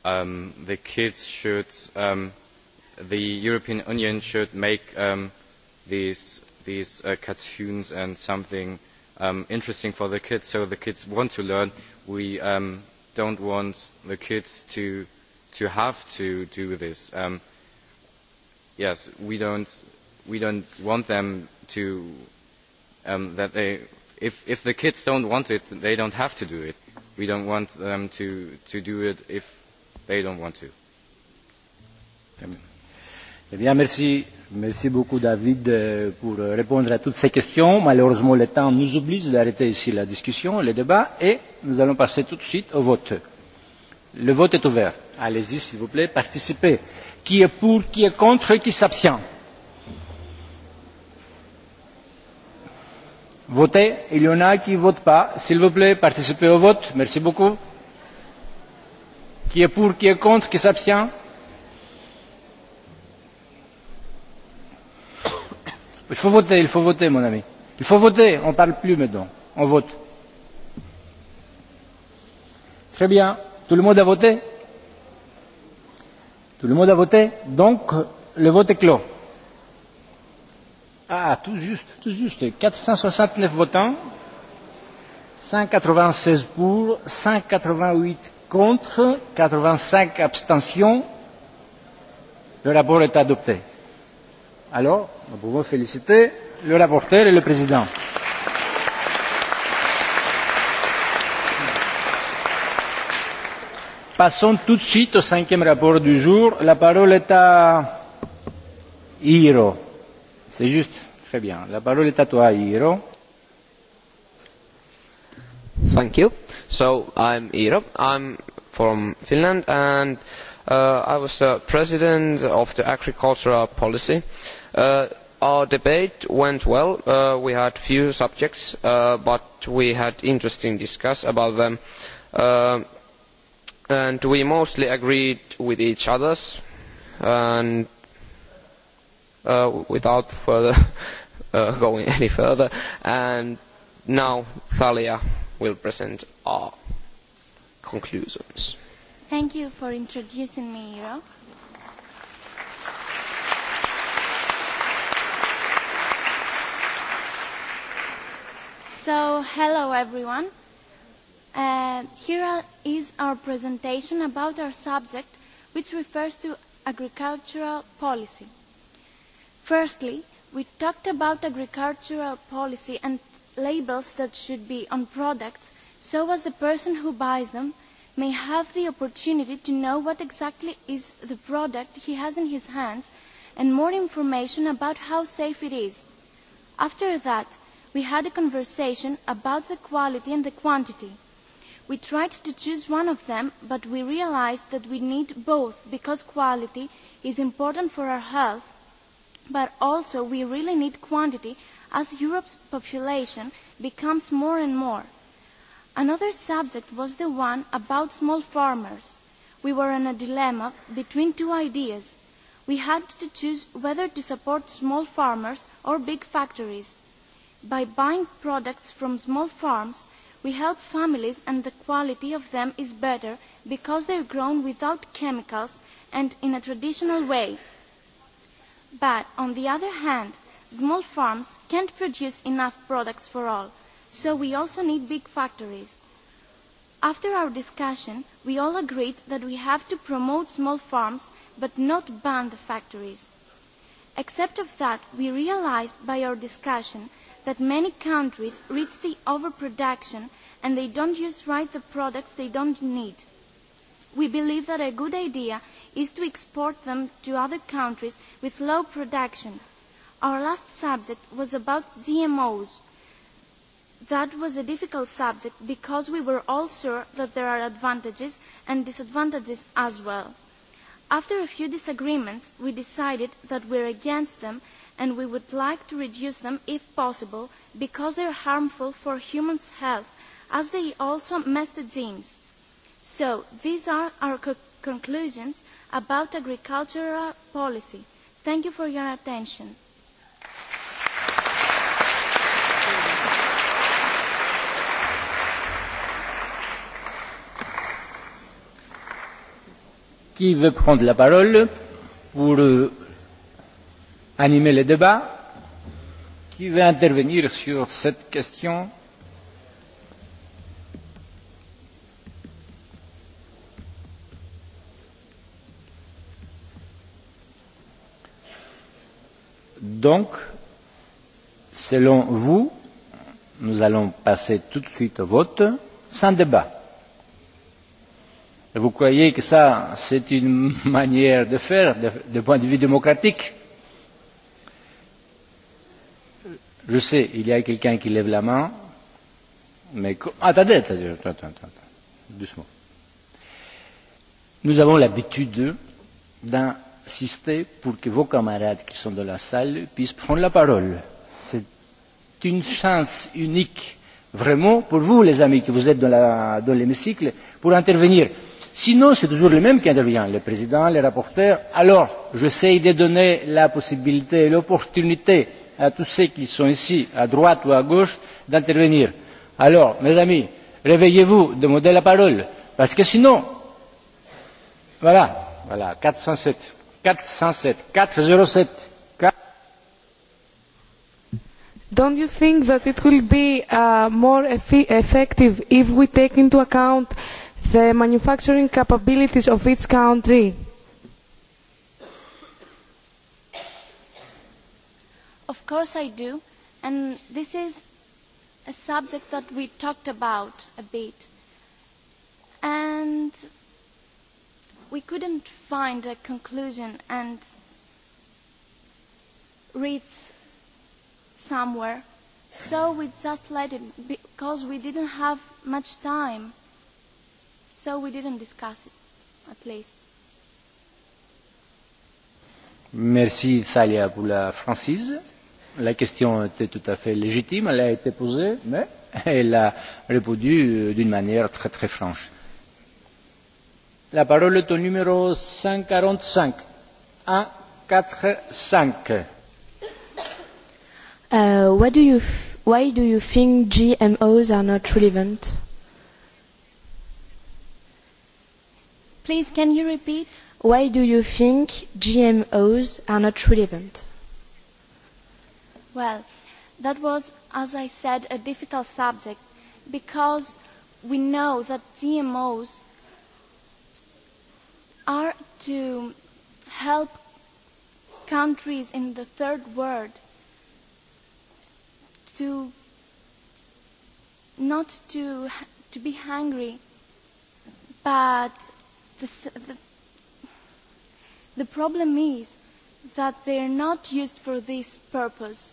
Um, the kids should, um, the European Union should make um, these, these uh, cartoons and something um, interesting for the kids so the kids want to learn. We um, don't want the kids to, to have to do this. Um, yes, we don't, we don't want them to, um, that they, if, if the kids don't want it, they don't have to do it. We don't want them to, to do it if they don't want to. Eh bien, merci Merci beaucoup David pour répondre à toutes ces questions. Malheureusement, le temps nous oblige d'arrêter ici la discussion, le débat, et nous allons passer tout de suite au vote. Le vote est ouvert. Allez-y, s'il vous plaît, participez. Qui est pour, qui est contre, qui s'abstient Votez. Il y en a qui ne votent pas. S'il vous plaît, participez au vote. Merci beaucoup. Qui est pour, qui est contre, qui s'abstient Il faut voter, il faut voter, mon ami. Il faut voter, on ne parle plus maintenant, on vote. Très bien, tout le monde a voté Tout le monde a voté, donc le vote est clos. Ah, tout juste, tout juste, 469 votants, 196 pour, 188 contre, 85 abstentions. Le rapport est adopté. Alors, nous pouvons féliciter le rapporteur et le président. Passons tout de suite au cinquième rapport du jour. La parole est à Hiro. C'est juste, très bien. La parole est à toi, Hiro. Thank you. So, I'm Hiro. I'm from Finland and I was the president of the agricultural policy. our debate went well. we had few subjects, but we had interesting discussions about them. and we mostly agreed with each other. And without further going any further, and now Thalia will present our conclusions. Thank you for introducing me, Iro. So, hello everyone. Uh, here is our presentation about our subject, which refers to agricultural policy. Firstly, we talked about agricultural policy and labels that should be on products so as the person who buys them may have the opportunity to know what exactly is the product he has in his hands and more information about how safe it is. After that, we had a conversation about the quality and the quantity. We tried to choose one of them, but we realized that we need both because quality is important for our health, but also we really need quantity as Europe's population becomes more and more. Another subject was the one about small farmers. We were in a dilemma between two ideas. We had to choose whether to support small farmers or big factories. By buying products from small farms, we help families and the quality of them is better because they are grown without chemicals and in a traditional way. But, on the other hand, small farms can't produce enough products for all so we also need big factories. After our discussion, we all agreed that we have to promote small farms but not ban the factories. Except of that, we realized by our discussion that many countries reach the overproduction and they don't use right the products they don't need. We believe that a good idea is to export them to other countries with low production. Our last subject was about GMOs that was a difficult subject because we were all sure that there are advantages and disadvantages as well. After a few disagreements, we decided that we are against them and we would like to reduce them if possible because they are harmful for humans' health as they also mess the genes. So these are our conclusions about agricultural policy. Thank you for your attention. qui veut prendre la parole pour animer le débat Qui veut intervenir sur cette question Donc, selon vous, nous allons passer tout de suite au vote, sans débat Vous croyez que ça, c'est une manière de faire, de, de point de vue démocratique Je sais, il y a quelqu'un qui lève la main, mais attendez, attendez, attendez, attendez, doucement. Nous avons l'habitude d'insister pour que vos camarades qui sont dans la salle puissent prendre la parole. C'est une chance unique, vraiment, pour vous, les amis, qui vous êtes dans l'hémicycle, pour intervenir Sinon, c'est toujours le même qui intervient, le président, les rapporteurs. Alors, j'essaie de donner la possibilité et l'opportunité à tous ceux qui sont ici, à droite ou à gauche, d'intervenir. Alors, mes amis, réveillez-vous, demandez la parole, parce que sinon, voilà, voilà, 407, 407, 407. Don't you think that it will be uh, more eff effective if we take into account uh, the manufacturing capabilities of each country? Of course I do. And this is a subject that we talked about a bit. And we couldn't find a conclusion and read somewhere. So we just let it because we didn't have much time So we didn't discuss it, at least. Merci Thalia pour la francise. La question était tout à fait légitime, elle a été posée, mais elle a répondu d'une manière très très franche. La parole est au numéro 145. 145. Uh, what do you f- why do you think GMOs are not relevant? Please, can you repeat? Why do you think GMOs are not relevant? Well, that was, as I said, a difficult subject because we know that GMOs are to help countries in the third world to not to to be hungry but the, the problem is that they are not used for this purpose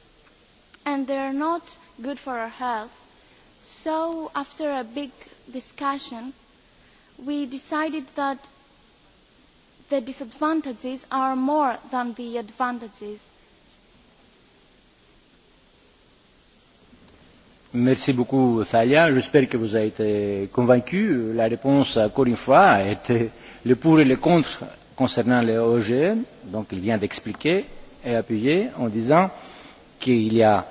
and they are not good for our health. So after a big discussion, we decided that the disadvantages are more than the advantages Merci beaucoup, Thalia. J'espère que vous avez été convaincu. La réponse, encore une fois, était le pour et le contre concernant les OGM. Donc, il vient d'expliquer et appuyer en disant qu'il y a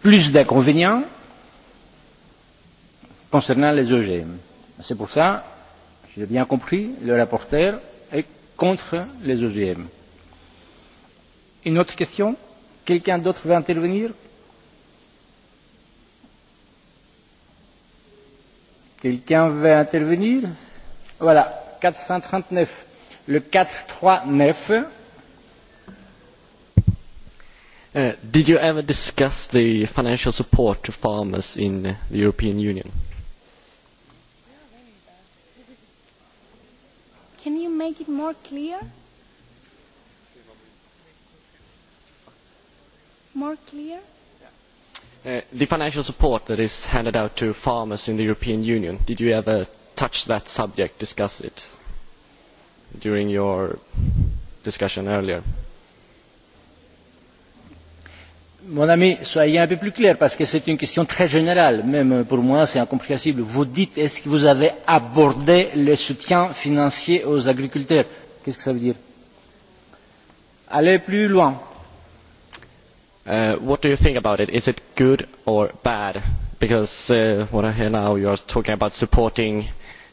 plus d'inconvénients concernant les OGM. C'est pour ça, si j'ai bien compris, le rapporteur est contre les OGM. Une autre question Quelqu'un d'autre veut intervenir Quelqu'un veut intervenir Voilà, 439. Le 439. Uh, did you ever discuss the financial support to farmers in the European Union? Can you make it more clear? More clear? the financial support that is handed out to farmers in the European Union, did you ever touch that subject, discuss it during your discussion earlier? Mon ami, soyez un peu plus clair parce que c'est une question très générale. Même pour moi, c'est incompréhensible. Vous dites, est-ce que vous avez abordé le soutien financier aux agriculteurs Qu'est-ce que ça veut dire Allez plus loin what do you think about it? Is it good or bad? Because uh, what I hear now, you are talking about supporting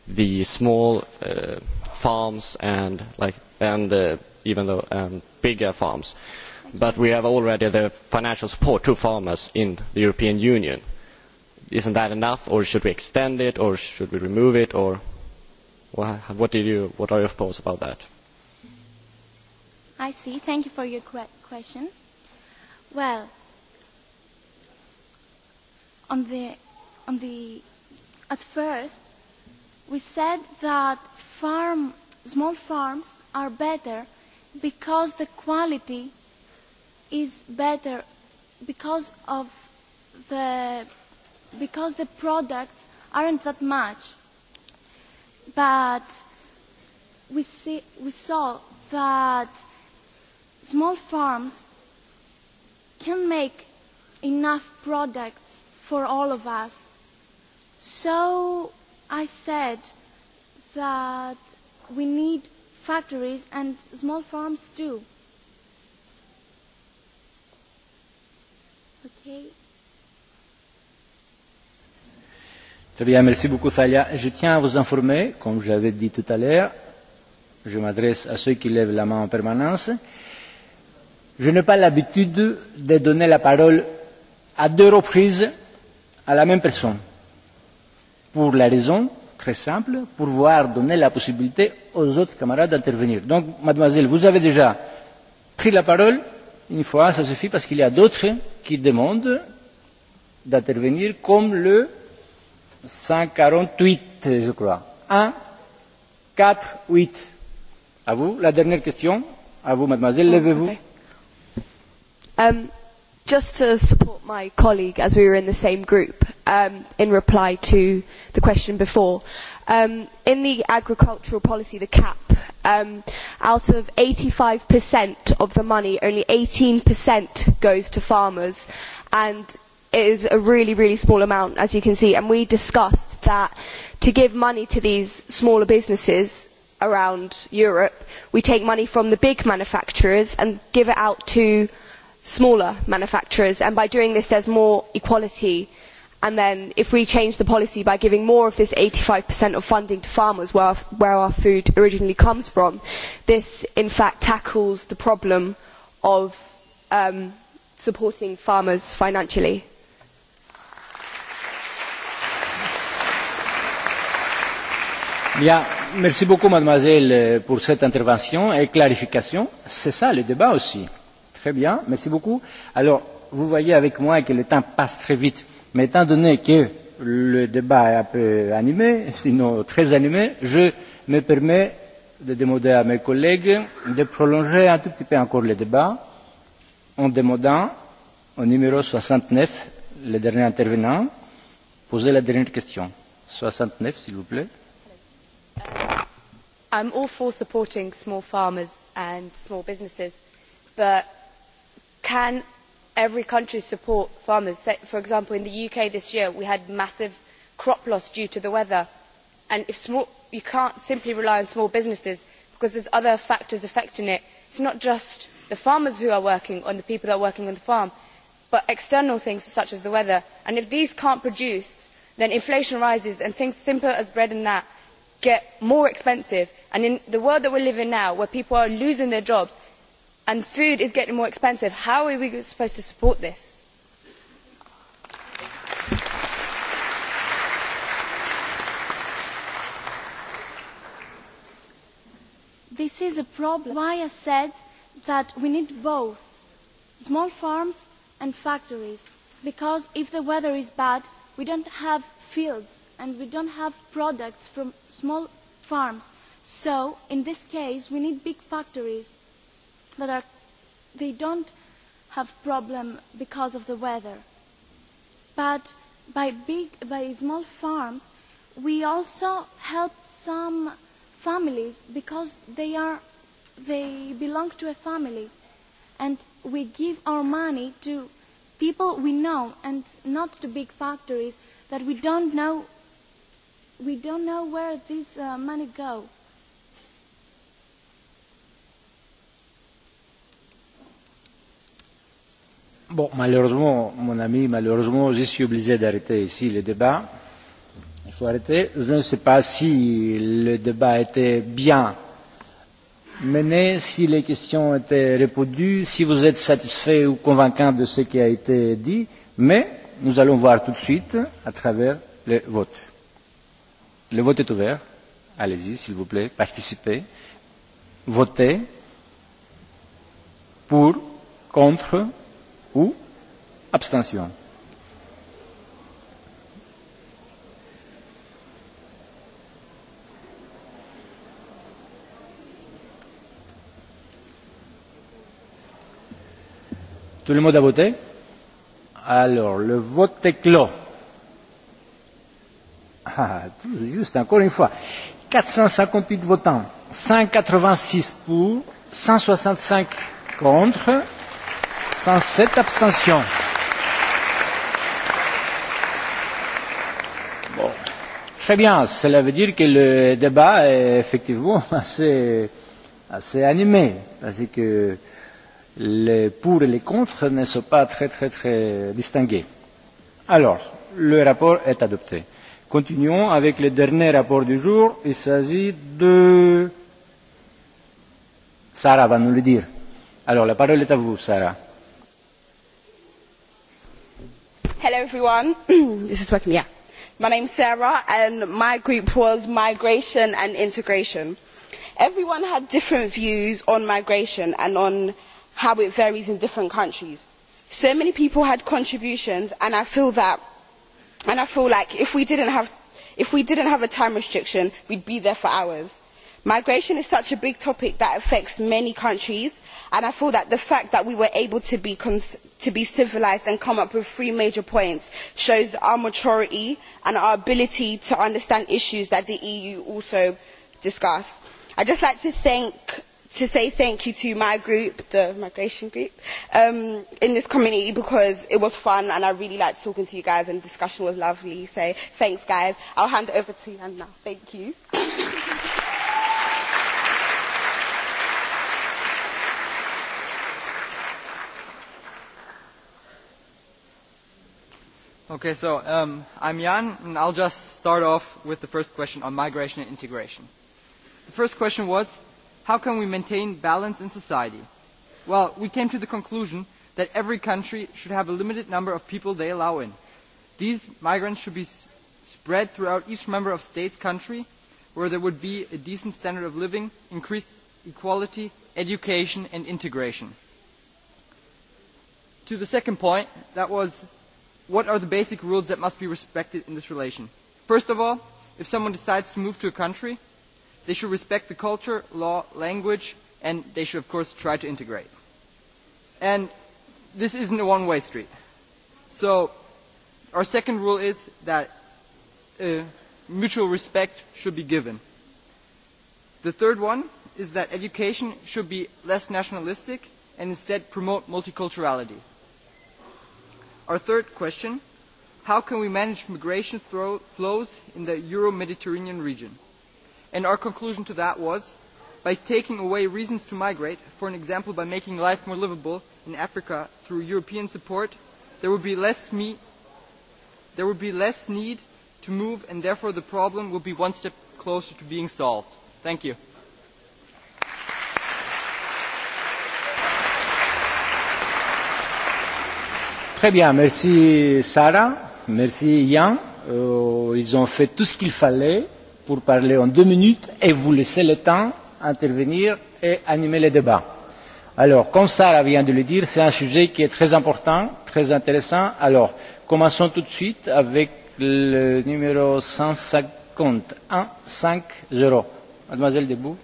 the small uh, farms and like and uh, even the um, bigger farms, but we have already the financial support to farmers in the European Union. Isn't that enough, or should we extend it, or should we remove it, or what do you? What are your thoughts about that? I see. Thank you for your question Well, on the, on the, at first, we said that farm, small farms are better because the quality is better because of the because the products aren't that much. But we see we saw that small farms can make enough products for all of us. So I said that we need factories and small farms too. Okay. Très bien, merci beaucoup Thalia. Je tiens à vous informer, comme j'avais dit tout à l'heure, je m'adresse à ceux qui lèvent la main en permanence, je n'ai pas l'habitude de donner la parole à deux reprises à la même personne. Pour la raison très simple, pour pouvoir donner la possibilité aux autres camarades d'intervenir. Donc, mademoiselle, vous avez déjà pris la parole. Une fois, ça suffit parce qu'il y a d'autres qui demandent d'intervenir, comme le 148, je crois. 1, 4, 8. À vous, la dernière question. À vous, mademoiselle, levez-vous. Oui. Um, just to support my colleague, as we were in the same group, um, in reply to the question before, um, in the agricultural policy, the CAP, um, out of 85% of the money, only 18% goes to farmers, and it is a really, really small amount, as you can see. And we discussed that to give money to these smaller businesses around Europe, we take money from the big manufacturers and give it out to smaller manufacturers and by doing this there is more equality and then if we change the policy by giving more of this eighty 85% of funding to farmers where our food originally comes from this in fact tackles the problem of supporting farmers financially. merci beaucoup mademoiselle pour cette intervention et clarification. C'est ça le débat aussi Très bien, merci beaucoup. Alors, vous voyez avec moi que le temps passe très vite. Mais étant donné que le débat est un peu animé, sinon très animé, je me permets de demander à mes collègues de prolonger un tout petit peu encore le débat en demandant au numéro 69, le dernier intervenant, poser la dernière question. 69, s'il vous plaît. I'm all for supporting small farmers and small businesses, but can every country support farmers? for example in the uk this year we had massive crop loss due to the weather and you cannot simply rely on small businesses because there are other factors affecting it. it is not just the farmers who are working or the people who are working on the farm but external things such as the weather and if these cannot produce then inflation rises and things as simple as bread and that get more expensive and in the world that we live in now where people are losing their jobs and food is getting more expensive. How are we supposed to support this? This is a problem. Why I said that we need both small farms and factories because if the weather is bad we don't have fields and we don't have products from small farms so in this case we need big factories that are, they don't have problem because of the weather. But by, big, by small farms, we also help some families because they, are, they belong to a family. And we give our money to people we know and not to big factories that we don't know, we don't know where this uh, money goes. Bon, malheureusement, mon ami, malheureusement, je suis obligé d'arrêter ici le débat. Il faut arrêter. Je ne sais pas si le débat était bien mené, si les questions étaient répondues, si vous êtes satisfait ou convaincant de ce qui a été dit, mais nous allons voir tout de suite à travers le vote. Le vote est ouvert. Allez-y, s'il vous plaît, participez, votez pour, contre, ou abstention. Tout le monde a voté Alors, le vote est clos. Ah, tout juste, encore une fois. 458 votants, 186 pour, 165 contre, 107 abstentions. Bon. Très bien, cela veut dire que le débat est effectivement assez, assez animé, parce que les pour et les contre ne sont pas très très très distingués. Alors, le rapport est adopté. Continuons avec le dernier rapport du jour. Il s'agit de Sarah va nous le dire. Alors, la parole est à vous, Sarah. Hello everyone. this is working, yeah. My name is Sarah and my group was migration and integration. Everyone had different views on migration and on how it varies in different countries. So many people had contributions and I feel that and I feel like if we didn't have if we didn't have a time restriction, we'd be there for hours migration is such a big topic that affects many countries and i feel that the fact that we were able to be civilised and come up with three major points shows our maturity and our ability to understand issues that the eu also discusses. i would just like to say thank you to my group the migration group in this committee because it was fun and i really liked talking to you guys and the discussion was lovely so thanks guys. i will hand over to jan now. Okay, so um, I'm Jan, and I'll just start off with the first question on migration and integration. The first question was, how can we maintain balance in society? Well, we came to the conclusion that every country should have a limited number of people they allow in. These migrants should be spread throughout each member of state's country, where there would be a decent standard of living, increased equality, education, and integration. To the second point, that was what are the basic rules that must be respected in this relation? First of all, if someone decides to move to a country, they should respect the culture, law, language, and they should, of course, try to integrate. And this isn't a one-way street. So our second rule is that uh, mutual respect should be given. The third one is that education should be less nationalistic and instead promote multiculturality. Our third question, how can we manage migration flows in the Euro-Mediterranean region? And our conclusion to that was, by taking away reasons to migrate, for an example by making life more livable in Africa through European support, there would be less, there would be less need to move and therefore the problem will be one step closer to being solved. Thank you. Très bien, merci Sarah, merci Yann. Euh, ils ont fait tout ce qu'il fallait pour parler en deux minutes et vous laisser le temps intervenir et animer le débat. Alors, comme Sarah vient de le dire, c'est un sujet qui est très important, très intéressant. Alors, commençons tout de suite avec le numéro 150, 150. Mademoiselle Debout.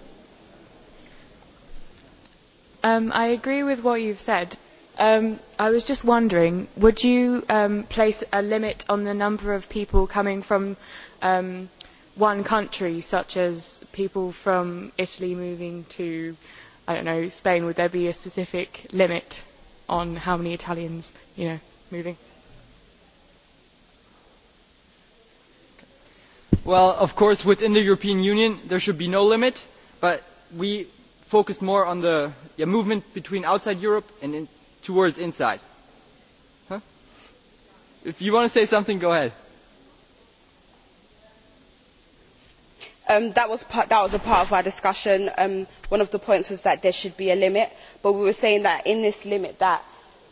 Um, I agree with what you've said I was just wondering, would you place a limit on the number of people coming from one country, such as people from Italy moving to, I don't know, Spain? Would there be a specific limit on how many Italians, you know, moving? Well, of course, within the European Union, there should be no limit, but we focused more on the movement between outside Europe and towards inside. Huh? If you want to say something, go ahead. Um, that, was part, that was a part of our discussion. Um, one of the points was that there should be a limit, but we were saying that in this limit, that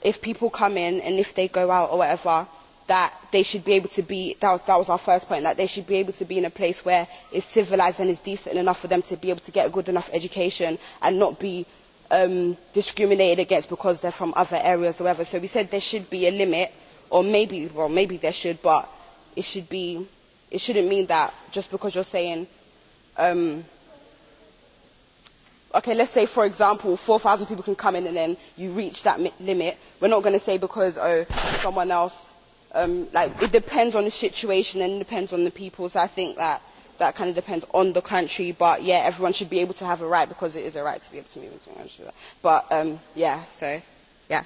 if people come in and if they go out or whatever, that they should be able to be that was, that was our first point that they should be able to be in a place where it's civilised and it's decent enough for them to be able to get a good enough education and not be discriminated against because they are from other areas or whatever. So we said there should be a limit, or maybe, well, maybe there should, but it should be, it shouldn't mean that just because you're saying, um, okay, let's say for example, 4,000 people can come in and then you reach that limit. We're not going to say because oh, someone else, um, like it depends on the situation and it depends on the people. So I think that that kind of depends on the country, but yeah, everyone should be able to have a right because it is a right to be able to move into a country. But um, yeah, so yeah.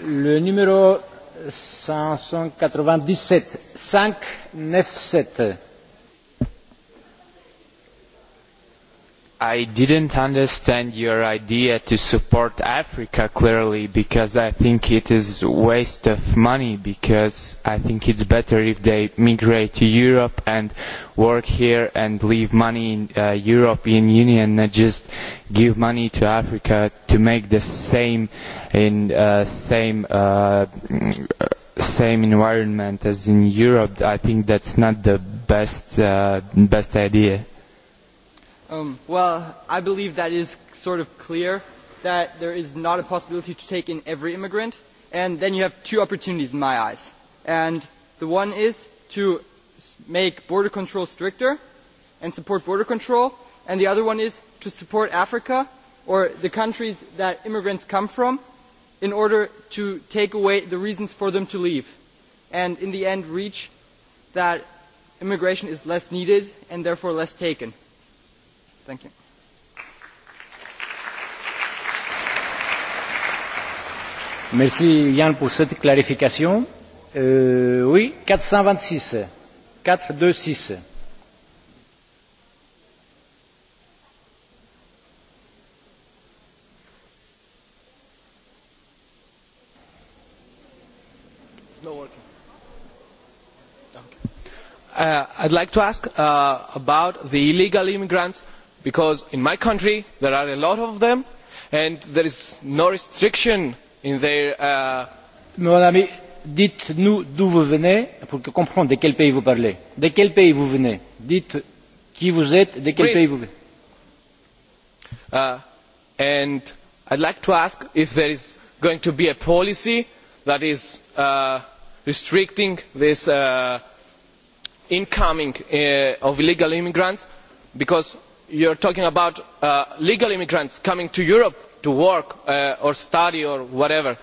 Le numéro 597, 597. I didn't understand your idea to support Africa clearly because I think it is a waste of money because I think it's better if they migrate to Europe and work here and leave money in uh, European Union and just give money to Africa to make the same in uh, same uh, same environment as in Europe. I think that's not the best uh, best idea well, I believe that is sort of clear that there is not a possibility to take in every immigrant, and then you have two opportunities in my eyes. And the one is to make border control stricter and support border control, and the other one is to support Africa or the countries that immigrants come from in order to take away the reasons for them to leave and in the end reach that immigration is less needed and therefore less taken. Thank you. Merci Yann pour cette clarification. Euh, oui, 426. 426. Uh, I'd like to ask uh, about the illegal immigrants because in my country there are a lot of them and there is no restriction in their uh, Mon ami, dites-nous d'où vous venez pour que comprendre de quel pays vous parlez. De quel pays vous venez Dites qui vous êtes, de quel Greece. pays vous venez. Uh, and I'd like to ask if there is going to be a policy that is uh, restricting this uh, incoming uh, of illegal immigrants because you are talking about legal immigrants coming to europe to work or study or whatever.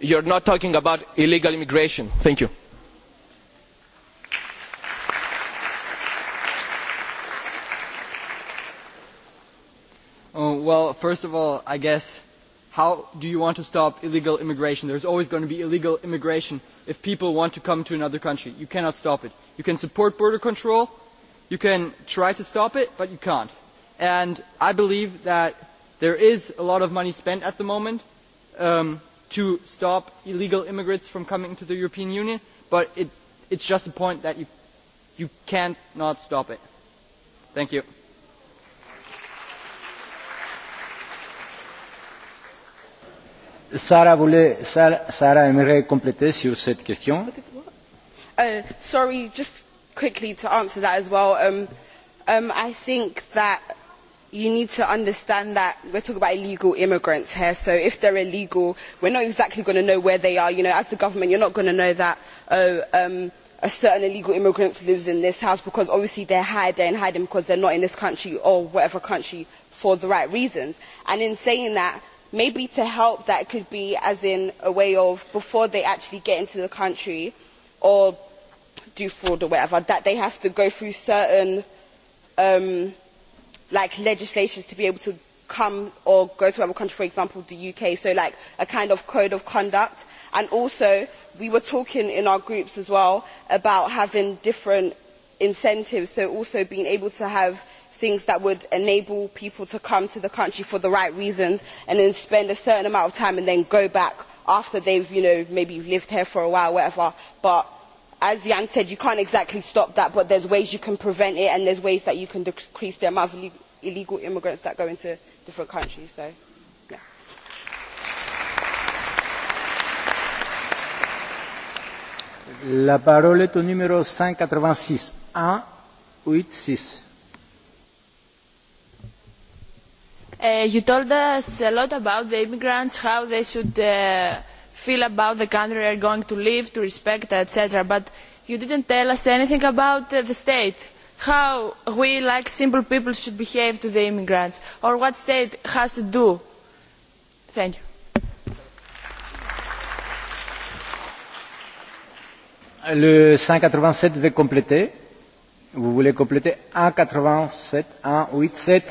you are not talking about illegal immigration. thank you. well, first of all, I guess, how do you want to stop illegal immigration? There's always going to be illegal immigration if people want to come to another country. You cannot stop it. You can support border control, you can try to stop it, but you can't and I believe that there is a lot of money spent at the moment to stop illegal immigrants from coming to the European Union, but it, it's just a point that you, you can't not stop it. Thank you. Sarah, voulait, Sarah aimerait compléter sur cette question. sorry, just quickly to answer that as well. I think that you need to understand that we are talking about illegal immigrants here so if they are illegal we are not exactly going to know where they are. as the government you are not going to know that a certain illegal immigrant lives in this house because obviously they are hiding in hiding because they are not in this country or whatever country for the right reasons. in saying that maybe to help that could be as in a way of before they actually get into the country or do fraud or whatever that they have to go through certain like legislation to be able to come or go to another country for example the uk so like a kind of code of conduct and also we were talking in our groups as well about having different incentives so also being able to have things that would enable people to come to the country for the right reasons and then spend a certain amount of time and then go back after they have you know maybe lived here for a while or whatever but as Jan said, you can't exactly stop that, but there's ways you can prevent it and there's ways that you can decrease the amount of illegal immigrants that go into different countries. So, yeah. La parole est au numéro 186. 186. Uh, you told us a lot about the immigrants, how they should uh, feel about the country they are going to live, to respect, etc. But you didn't tell us anything about uh, the state how we like simple people should behave to the immigrants or what the state has to do. Thank you. Le 187 veut compléter. Vous voulez compléter 187, 187.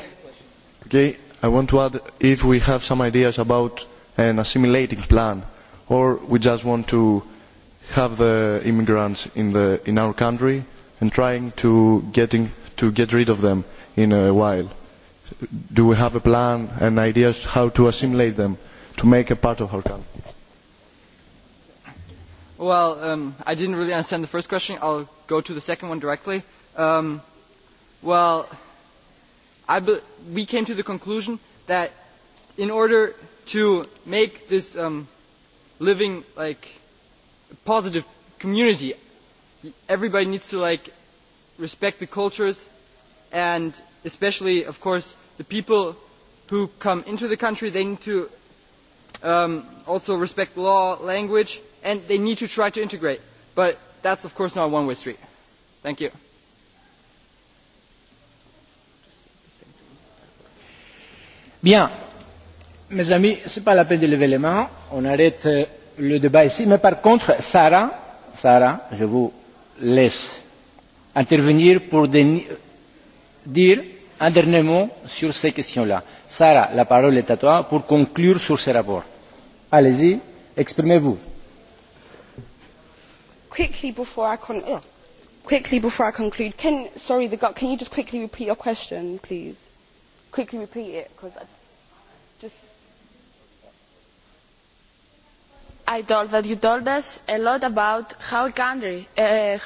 Okay, I want to add if we have some ideas about an assimilating plan or we just want to have the immigrants in, the, in our country and trying to getting to get rid of them in a while? Do we have a plan and ideas how to assimilate them to make a part of our country? Well, um, I didn't really understand the first question. I'll go to the second one directly. Um, well, I be- we came to the conclusion that in order to make this um, living like positive community everybody needs to like respect the cultures and especially of course the people who come into the country they need to also respect law language and they need to try to integrate but that's of course not a one way street thank you Bien. Mes amis, ce pas la peine de lever les mains. On arrête le débat ici. Mais par contre, Sarah, Sarah, je vous laisse intervenir pour dire un dernier mot sur ces questions là. sarah la parole est à toi pour conclure sur ce rapport. allez y exprimez vous. quickly before i con- oh. quickly before i conclude can sorry the can you just quickly repeat your question please quickly repeat it because i told that you told us a lot about how a country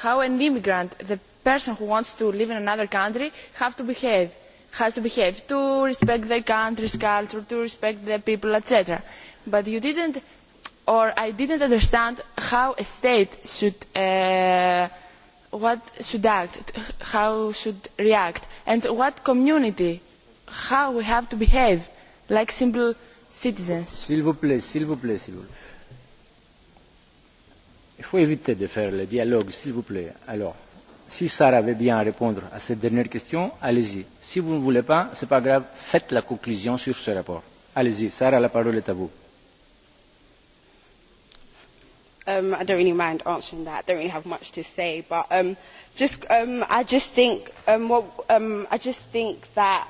how an immigrant the person who wants to live in another country have to behave has to behave to respect their country's culture to respect the people etc but you didn't or i didn't understand how a state should what should act how should react and what community how we have to behave like simple citizens faut éviter de faire le dialogue, s'il vous plaît. Alors, si Sarah veut bien répondre à cette dernière question, allez-y. Si vous ne voulez pas, ce n'est pas grave, faites la conclusion sur ce rapport. Allez-y, Sarah, la parole est à vous. Um, I don't really mind answering that. I don't really have much to say, but um, just um, I just think um, what um, I just think that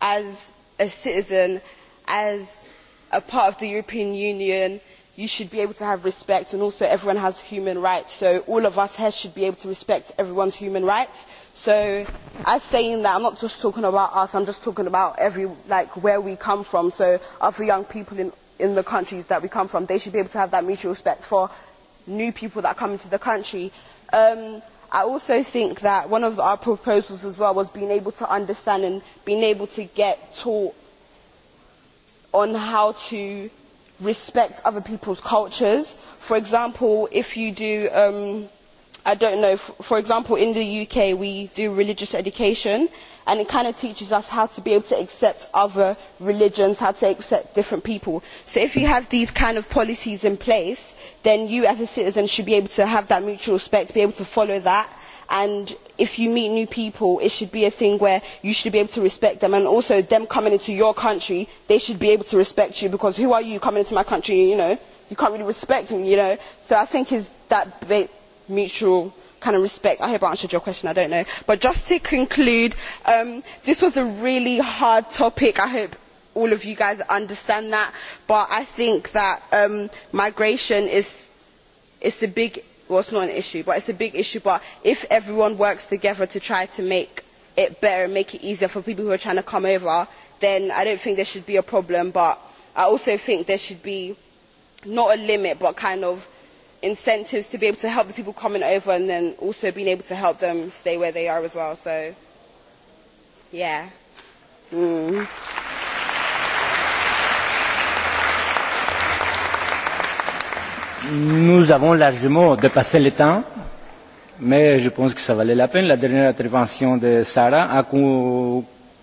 as a citizen, as a part of the European Union, you should be able to have respect and also everyone has human rights so all of us here should be able to respect everyone's human rights so as saying that i'm not just talking about us i'm just talking about every like where we come from so other young people in in the countries that we come from they should be able to have that mutual respect for new people that come into the country um, I also think that one of our proposals as well was being able to understand and being able to get taught on how to respect other people's cultures. For example, if you do, um, I don't know, for example, in the UK we do religious education and it kind of teaches us how to be able to accept other religions, how to accept different people. So if you have these kind of policies in place, then you as a citizen should be able to have that mutual respect, be able to follow that and if you meet new people it should be a thing where you should be able to respect them and also them coming into your country they should be able to respect you because who are you coming into my country you know you can't really respect me you know so i think it's that bit mutual kind of respect i hope i answered your question i don't know but just to conclude um, this was a really hard topic i hope all of you guys understand that but i think that um, migration is it's a big well it is not an issue but it is a big issue but if everyone works together to try to make it better and make it easier for people who are trying to come over then i do not think there should be a problem but i also think there should be not a limit but kind of incentives to be able to help the people coming over and then also being able to help them stay where they are as well so yeah. Nous avons largement dépassé le temps, mais je pense que ça valait la peine. La dernière intervention de Sarah, a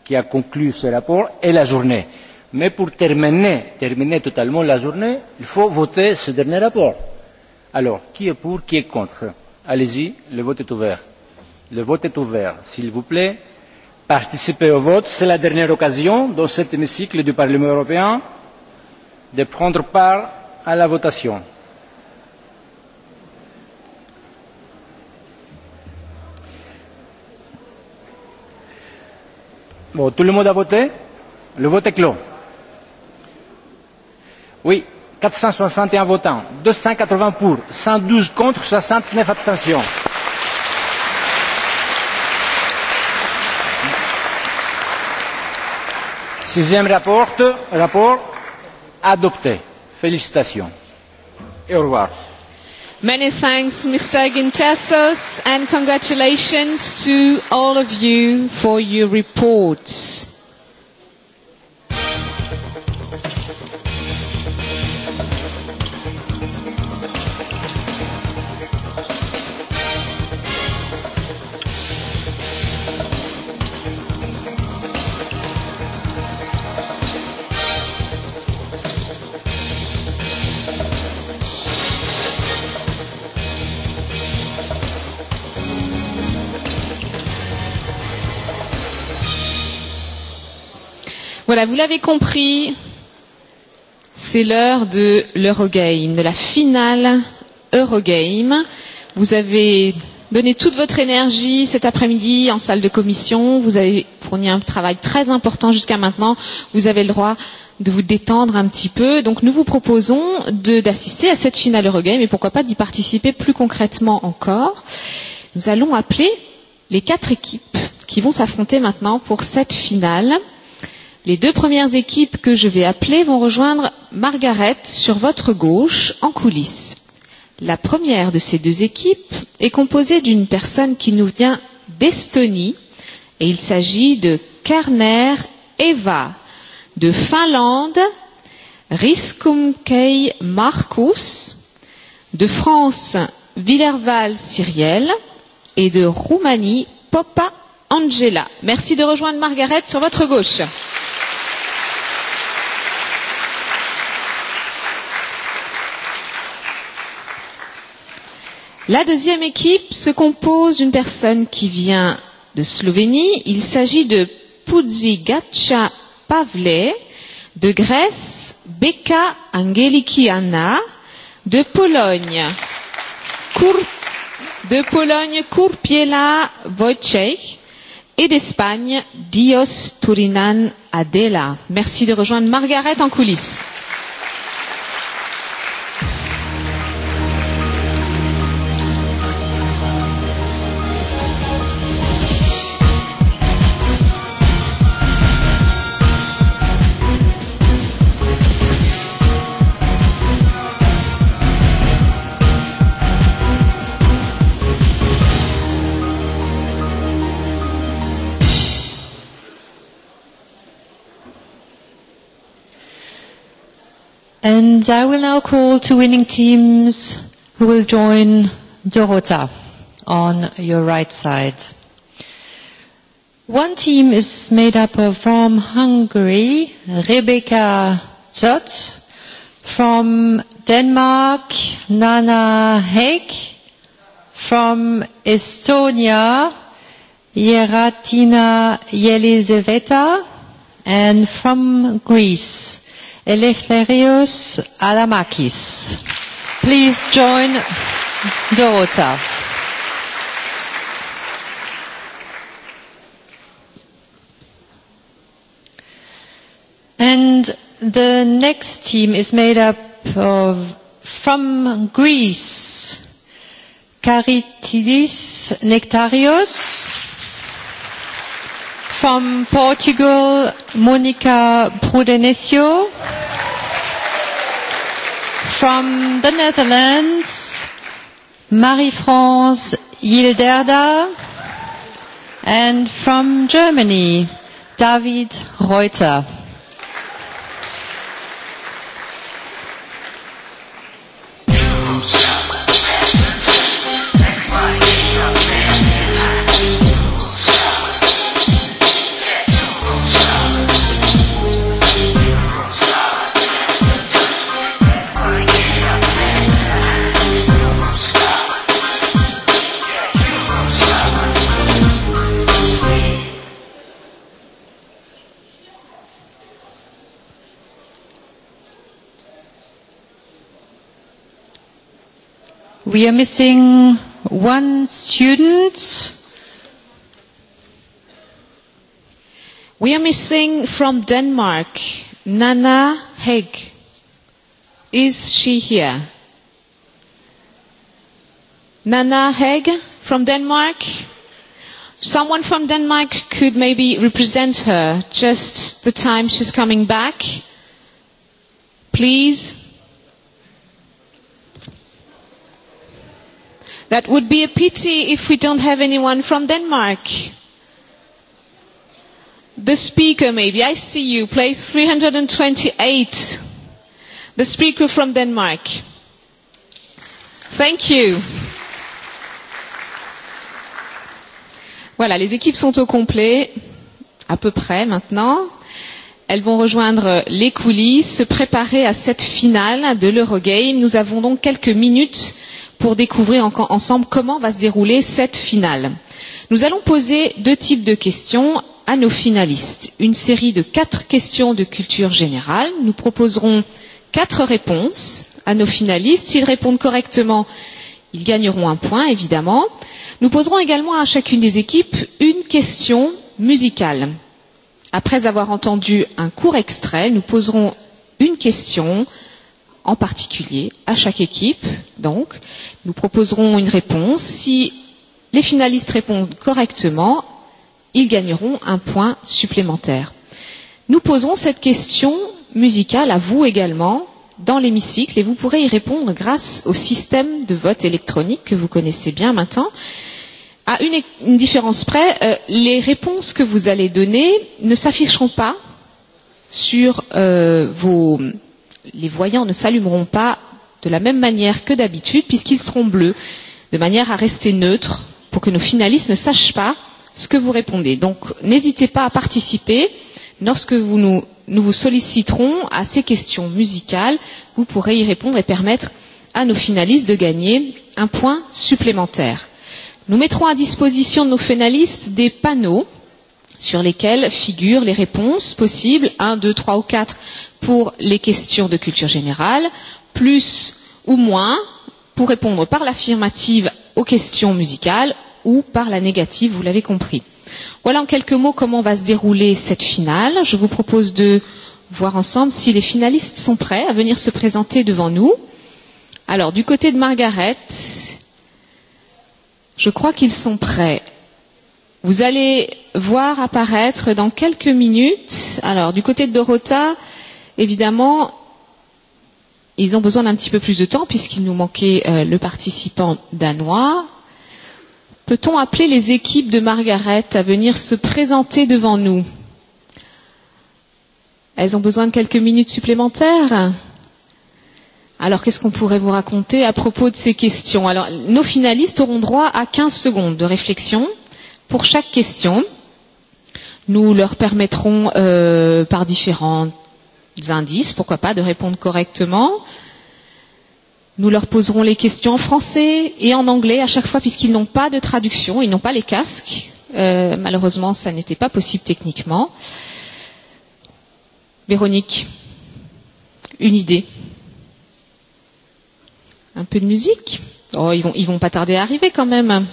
qui a conclu ce rapport, est la journée. Mais pour terminer, terminer totalement la journée, il faut voter ce dernier rapport. Alors, qui est pour, qui est contre Allez-y, le vote est ouvert. Le vote est ouvert. S'il vous plaît, participez au vote. C'est la dernière occasion dans cet hémicycle du Parlement européen de prendre part à la votation. Bon, tout le monde a voté Le vote est clos. Oui, 461 votants, 280 pour, 112 contre, 69 abstentions. Sixième rapport, rapport adopté. Félicitations et au revoir. Many thanks, Mr. Gintessos, and congratulations to all of you for your reports. Voilà, vous l'avez compris, c'est l'heure de l'Eurogame, de la finale Eurogame. Vous avez donné toute votre énergie cet après-midi en salle de commission. Vous avez fourni un travail très important jusqu'à maintenant. Vous avez le droit de vous détendre un petit peu. Donc nous vous proposons d'assister à cette finale Eurogame et pourquoi pas d'y participer plus concrètement encore. Nous allons appeler les quatre équipes qui vont s'affronter maintenant pour cette finale. Les deux premières équipes que je vais appeler vont rejoindre Margaret sur votre gauche en coulisses. La première de ces deux équipes est composée d'une personne qui nous vient d'Estonie et il s'agit de Kerner Eva, de Finlande, Riskumkei Markus, de France, Villerval Cyriel et de Roumanie, Popa Angela. Merci de rejoindre Margaret sur votre gauche. Applaudissements La deuxième équipe se compose d'une personne qui vient de Slovénie. Il s'agit de Pudzigatcha Pavle, de Grèce, Beka Angelikiana, de Pologne, Kur, de Pologne, Kurpiela Wojciech, et d'Espagne, Dios Turinan Adela. Merci de rejoindre Margaret en coulisses. And I will now call two winning teams who will join Dorota on your right side. One team is made up of from Hungary, Rebecca Zott, from Denmark, Nana Heg, from Estonia, Yeratina Yelizaveta, and from Greece, Eleftherios Alamakis. Please join Dorota. And the next team is made up of, from Greece, Caritidis Nectarios. From Portugal, Monica Prudenesio. From the Netherlands, Marie-France Yilderda. And from Germany, David Reuter. We are missing one student. We are missing from Denmark, Nana Heg. Is she here? Nana Heg from Denmark? Someone from Denmark could maybe represent her just the time she's coming back. Please. That would be a pity if we don't have anyone from Denmark. The speaker, maybe. I see you. Place 328. The speaker from Denmark. Thank you. Voilà, les équipes sont au complet, à peu près maintenant. Elles vont rejoindre les coulisses, se préparer à cette finale de l'Eurogame. Nous avons donc quelques minutes pour découvrir en ensemble comment va se dérouler cette finale. Nous allons poser deux types de questions à nos finalistes. Une série de quatre questions de culture générale. Nous proposerons quatre réponses à nos finalistes. S'ils répondent correctement, ils gagneront un point, évidemment. Nous poserons également à chacune des équipes une question musicale. Après avoir entendu un court extrait, nous poserons une question en particulier à chaque équipe. Donc, nous proposerons une réponse. Si les finalistes répondent correctement, ils gagneront un point supplémentaire. Nous posons cette question musicale à vous également dans l'hémicycle et vous pourrez y répondre grâce au système de vote électronique que vous connaissez bien maintenant. À une, une différence près, euh, les réponses que vous allez donner ne s'afficheront pas sur euh, vos les voyants ne s'allumeront pas de la même manière que d'habitude puisqu'ils seront bleus, de manière à rester neutre pour que nos finalistes ne sachent pas ce que vous répondez. Donc n'hésitez pas à participer. Lorsque vous nous, nous vous solliciterons à ces questions musicales, vous pourrez y répondre et permettre à nos finalistes de gagner un point supplémentaire. Nous mettrons à disposition de nos finalistes des panneaux sur lesquels figurent les réponses possibles, 1, 2, 3 ou 4 pour les questions de culture générale, plus ou moins pour répondre par l'affirmative aux questions musicales ou par la négative, vous l'avez compris. Voilà en quelques mots comment va se dérouler cette finale. Je vous propose de voir ensemble si les finalistes sont prêts à venir se présenter devant nous. Alors, du côté de Margaret, je crois qu'ils sont prêts. Vous allez voir apparaître dans quelques minutes. Alors, du côté de Dorota, Évidemment, ils ont besoin d'un petit peu plus de temps puisqu'il nous manquait euh, le participant danois. Peut-on appeler les équipes de Margaret à venir se présenter devant nous Elles ont besoin de quelques minutes supplémentaires alors, qu'est-ce qu'on pourrait vous raconter à propos de ces questions Alors, nos finalistes auront droit à 15 secondes de réflexion pour chaque question. Nous leur permettrons, euh, par différentes indices, pourquoi pas, de répondre correctement. Nous leur poserons les questions en français et en anglais à chaque fois puisqu'ils n'ont pas de traduction, ils n'ont pas les casques. Euh, malheureusement, ça n'était pas possible techniquement. Véronique, une idée Un peu de musique Oh, ils vont, ils vont pas tarder à arriver quand même.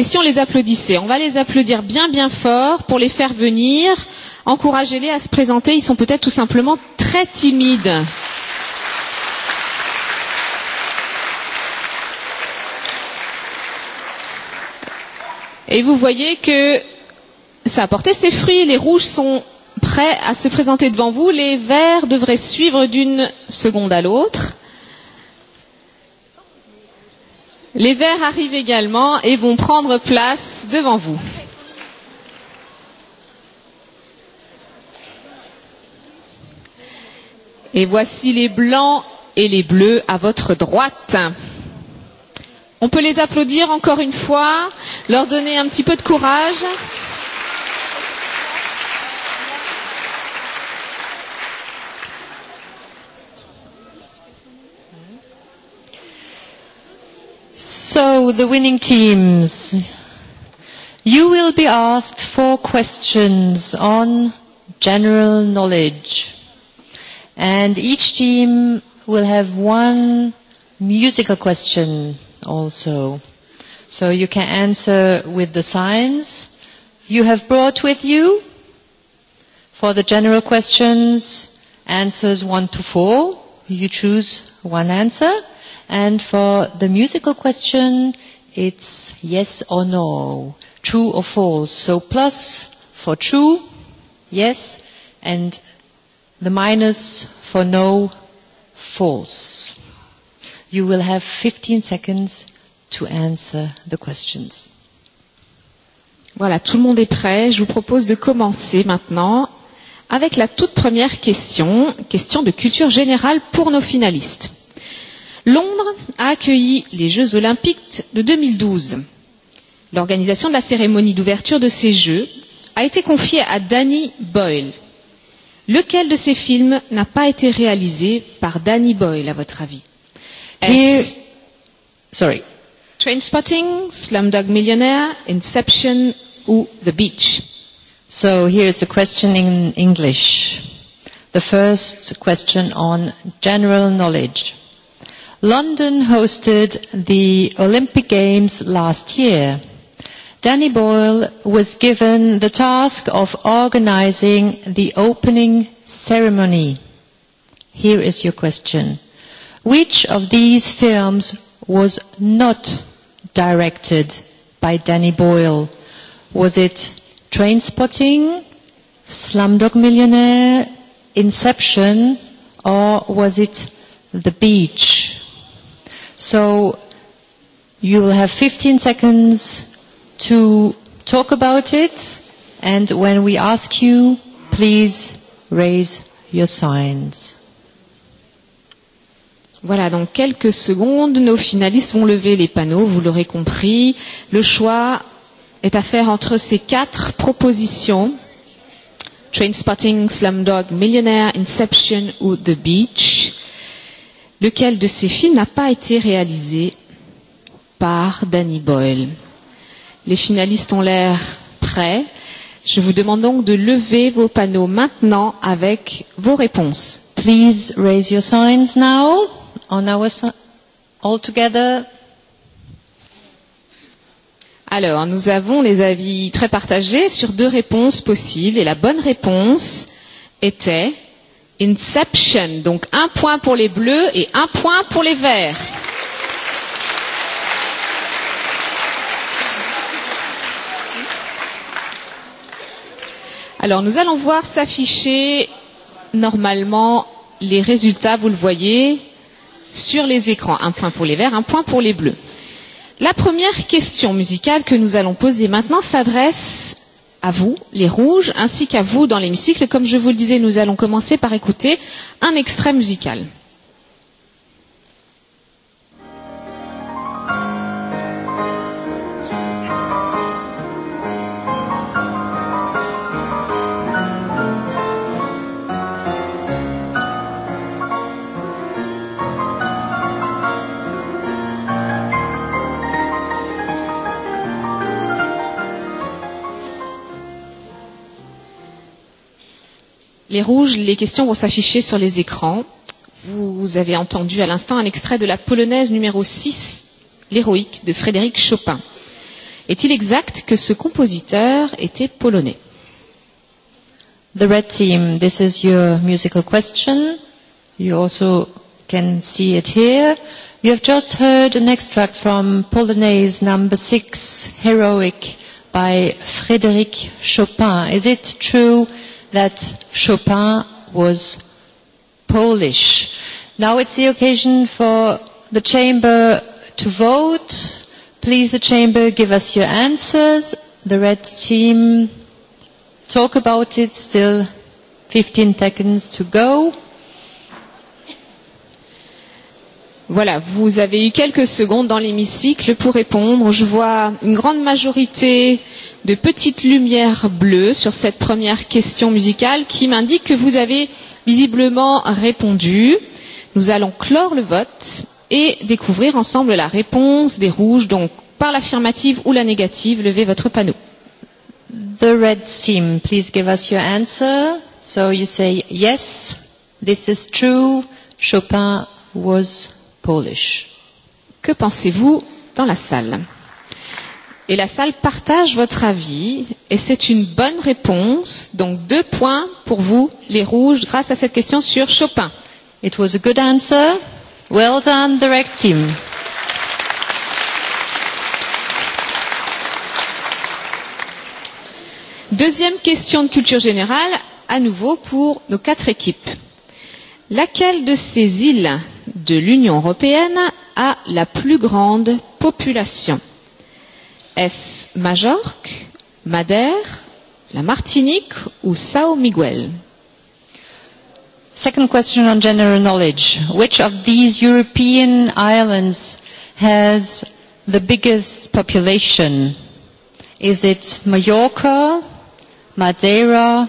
Et si on les applaudissait On va les applaudir bien bien fort pour les faire venir. Encouragez-les à se présenter. Ils sont peut-être tout simplement très timides. Et vous voyez que ça a porté ses fruits. Les rouges sont prêts à se présenter devant vous. Les verts devraient suivre d'une seconde à l'autre. Les verts arrivent également et vont prendre place devant vous. Et voici les blancs et les bleus à votre droite. On peut les applaudir encore une fois, leur donner un petit peu de courage. So, the winning teams, you will be asked four questions on general knowledge. And each team will have one musical question also. So you can answer with the signs you have brought with you. For the general questions, answers one to four. You choose one answer. And for the musical question, it's yes or no, true or false. So plus for true, yes, and the minus for no, false. You will have 15 seconds to answer the questions. Voilà, tout le monde est prêt. Je vous propose de commencer maintenant avec la toute première question, question de culture générale pour nos finalistes. Londres a accueilli les Jeux olympiques de 2012. L'organisation de la cérémonie d'ouverture de ces Jeux a été confiée à Danny Boyle. Lequel de ces films n'a pas été réalisé par Danny Boyle, à votre avis Est-ce... Sorry. Trainspotting, Slumdog Millionaire, Inception ou The Beach So here is the question in English. The first question on general knowledge. London hosted the Olympic Games last year. Danny Boyle was given the task of organizing the opening ceremony. Here is your question. Which of these films was not directed by Danny Boyle? Was it Train Spotting, Slumdog Millionaire, Inception, or was it The Beach? So you will have 15 seconds to talk about it. And when we ask you, please raise your signs. Voilà, dans quelques secondes, nos finalistes vont lever les panneaux, vous l'aurez compris. Le choix est à faire entre ces quatre propositions. train spotting, Slumdog, Millionaire, Inception ou The Beach. Lequel de ces films n'a pas été réalisé par Danny Boyle Les finalistes ont l'air prêts. Je vous demande donc de lever vos panneaux maintenant avec vos réponses. Please raise your signs now on our all together. Alors, nous avons les avis très partagés sur deux réponses possibles et la bonne réponse était Inception. Donc un point pour les bleus et un point pour les verts. Alors nous allons voir s'afficher normalement les résultats, vous le voyez, sur les écrans. Un point pour les verts, un point pour les bleus. La première question musicale que nous allons poser maintenant s'adresse à vous, les rouges, ainsi qu'à vous dans l'hémicycle. Comme je vous le disais, nous allons commencer par écouter un extrait musical. les rouges, les questions vont s'afficher sur les écrans. Vous avez entendu à l'instant un extrait de la polonaise numéro 6, l'héroïque de Frédéric Chopin. Est-il exact que ce compositeur était polonais The red team, this is your musical question. You also can see it here. You have just heard an extract from Polonaise number 6, Heroic, by Frédéric Chopin. Is it true that Chopin was Polish. Now it's the occasion for the chamber to vote. Please, the chamber, give us your answers. The red team, talk about it. Still 15 seconds to go. Voilà, vous avez eu quelques secondes dans l'hémicycle pour répondre. Je vois une grande majorité de petites lumières bleues sur cette première question musicale qui m'indique que vous avez visiblement répondu. Nous allons clore le vote et découvrir ensemble la réponse des rouges. Donc, par l'affirmative ou la négative, levez votre panneau. The red team, please give us your answer. So you say yes, this is true. Chopin was Polish. Que pensez-vous dans la salle Et la salle partage votre avis et c'est une bonne réponse. Donc deux points pour vous, les rouges, grâce à cette question sur Chopin. It was a good answer. Well done, the team. Deuxième question de culture générale, à nouveau pour nos quatre équipes. Laquelle de ces îles de l'Union européenne a la plus grande population Est-ce Majorque, Madère, la Martinique ou Sao Miguel Second question on general knowledge. Which of these European islands has the biggest population? Is it Mallorca, Madeira,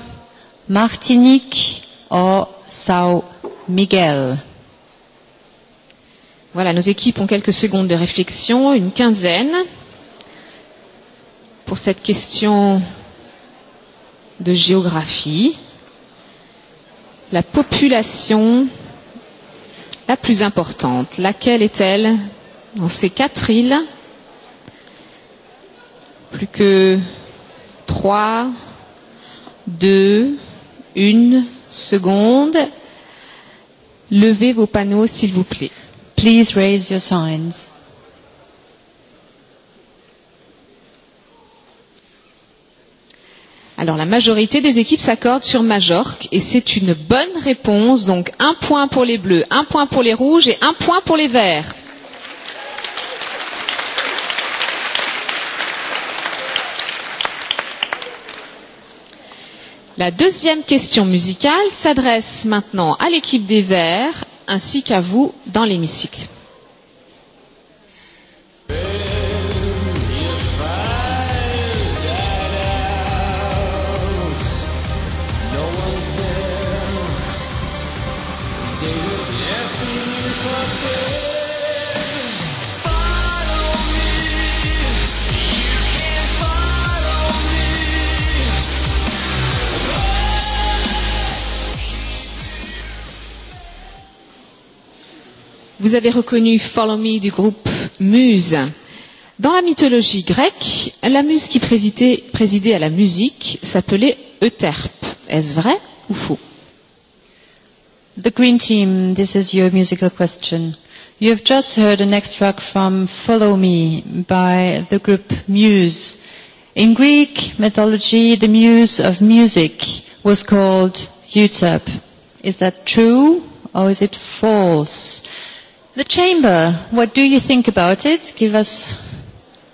Martinique or Sao Miguel. Voilà, nos équipes ont quelques secondes de réflexion, une quinzaine, pour cette question de géographie. La population la plus importante, laquelle est-elle dans ces quatre îles Plus que trois, deux, une seconde Levez vos panneaux, s'il vous plaît. Please raise your signs. Alors la majorité des équipes s'accordent sur Majorque et c'est une bonne réponse. Donc un point pour les bleus, un point pour les rouges et un point pour les verts. La deuxième question musicale s'adresse maintenant à l'équipe des Verts ainsi qu'à vous dans l'hémicycle. Vous avez reconnu Follow Me du groupe Muse. Dans la mythologie grecque, la muse qui présidait, présidait à la musique s'appelait Euterpe. Est-ce vrai ou faux The Green Team, this is your musical question. You have just heard an extract from Follow Me by the group Muse. In Greek mythology, the muse of music was called Euterpe. Is that true or is it false? The chamber, what do you think about it? Give us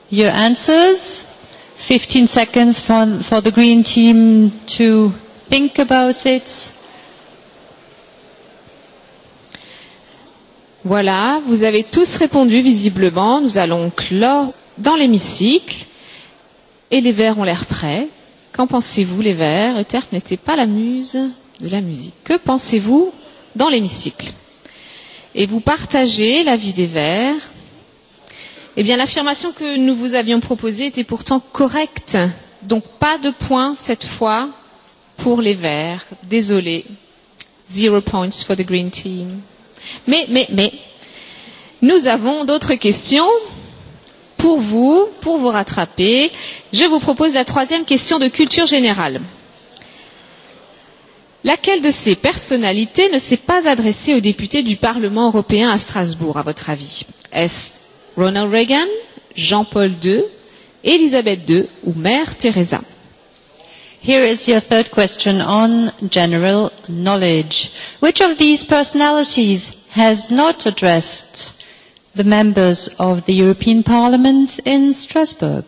your answers. 15 seconds for, for the green team to think about it. Voilà, vous avez tous répondu visiblement. Nous allons clore dans l'hémicycle. Et les verts ont l'air prêts. Qu'en pensez-vous, les verts Euterpe n'était pas la muse de la musique. Que pensez-vous dans l'hémicycle et vous partagez l'avis des Verts, eh bien l'affirmation que nous vous avions proposée était pourtant correcte. Donc pas de points cette fois pour les Verts. Désolé. Zero points for the Green Team. Mais, mais, mais, nous avons d'autres questions pour vous, pour vous rattraper. Je vous propose la troisième question de culture générale. Laquelle de ces personnalités ne s'est pas adressée aux députés du Parlement européen à Strasbourg, à votre avis Est-ce Ronald Reagan, Jean-Paul II, Elisabeth II ou Mère Teresa Here is your third question on general knowledge. Which of these personalities has not addressed the members of the European Parliament in Strasbourg?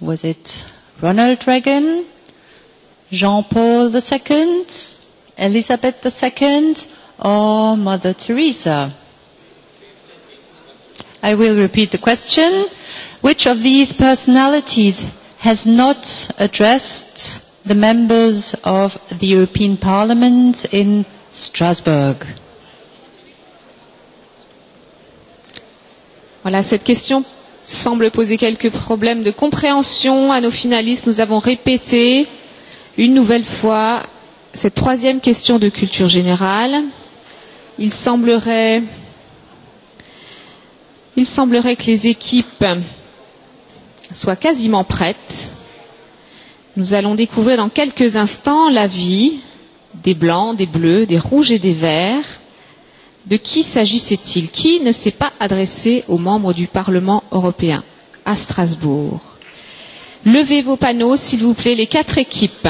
Was it Ronald Reagan, Jean-Paul II, Elizabeth II, or Mother Teresa? I will repeat the question. Which of these personalities has not addressed the members of the European Parliament in Strasbourg? Voilà, cette question semble poser quelques problèmes de compréhension à nos finalistes. Nous avons répété euh, une nouvelle fois cette troisième question de culture générale. Il semblerait, il semblerait que les équipes soient quasiment prêtes. Nous allons découvrir dans quelques instants la vie des blancs, des bleus, des rouges et des verts. De qui s'agissait-il Qui ne s'est pas adressé aux membres du Parlement européen à Strasbourg Levez vos panneaux, s'il vous plaît, les quatre équipes.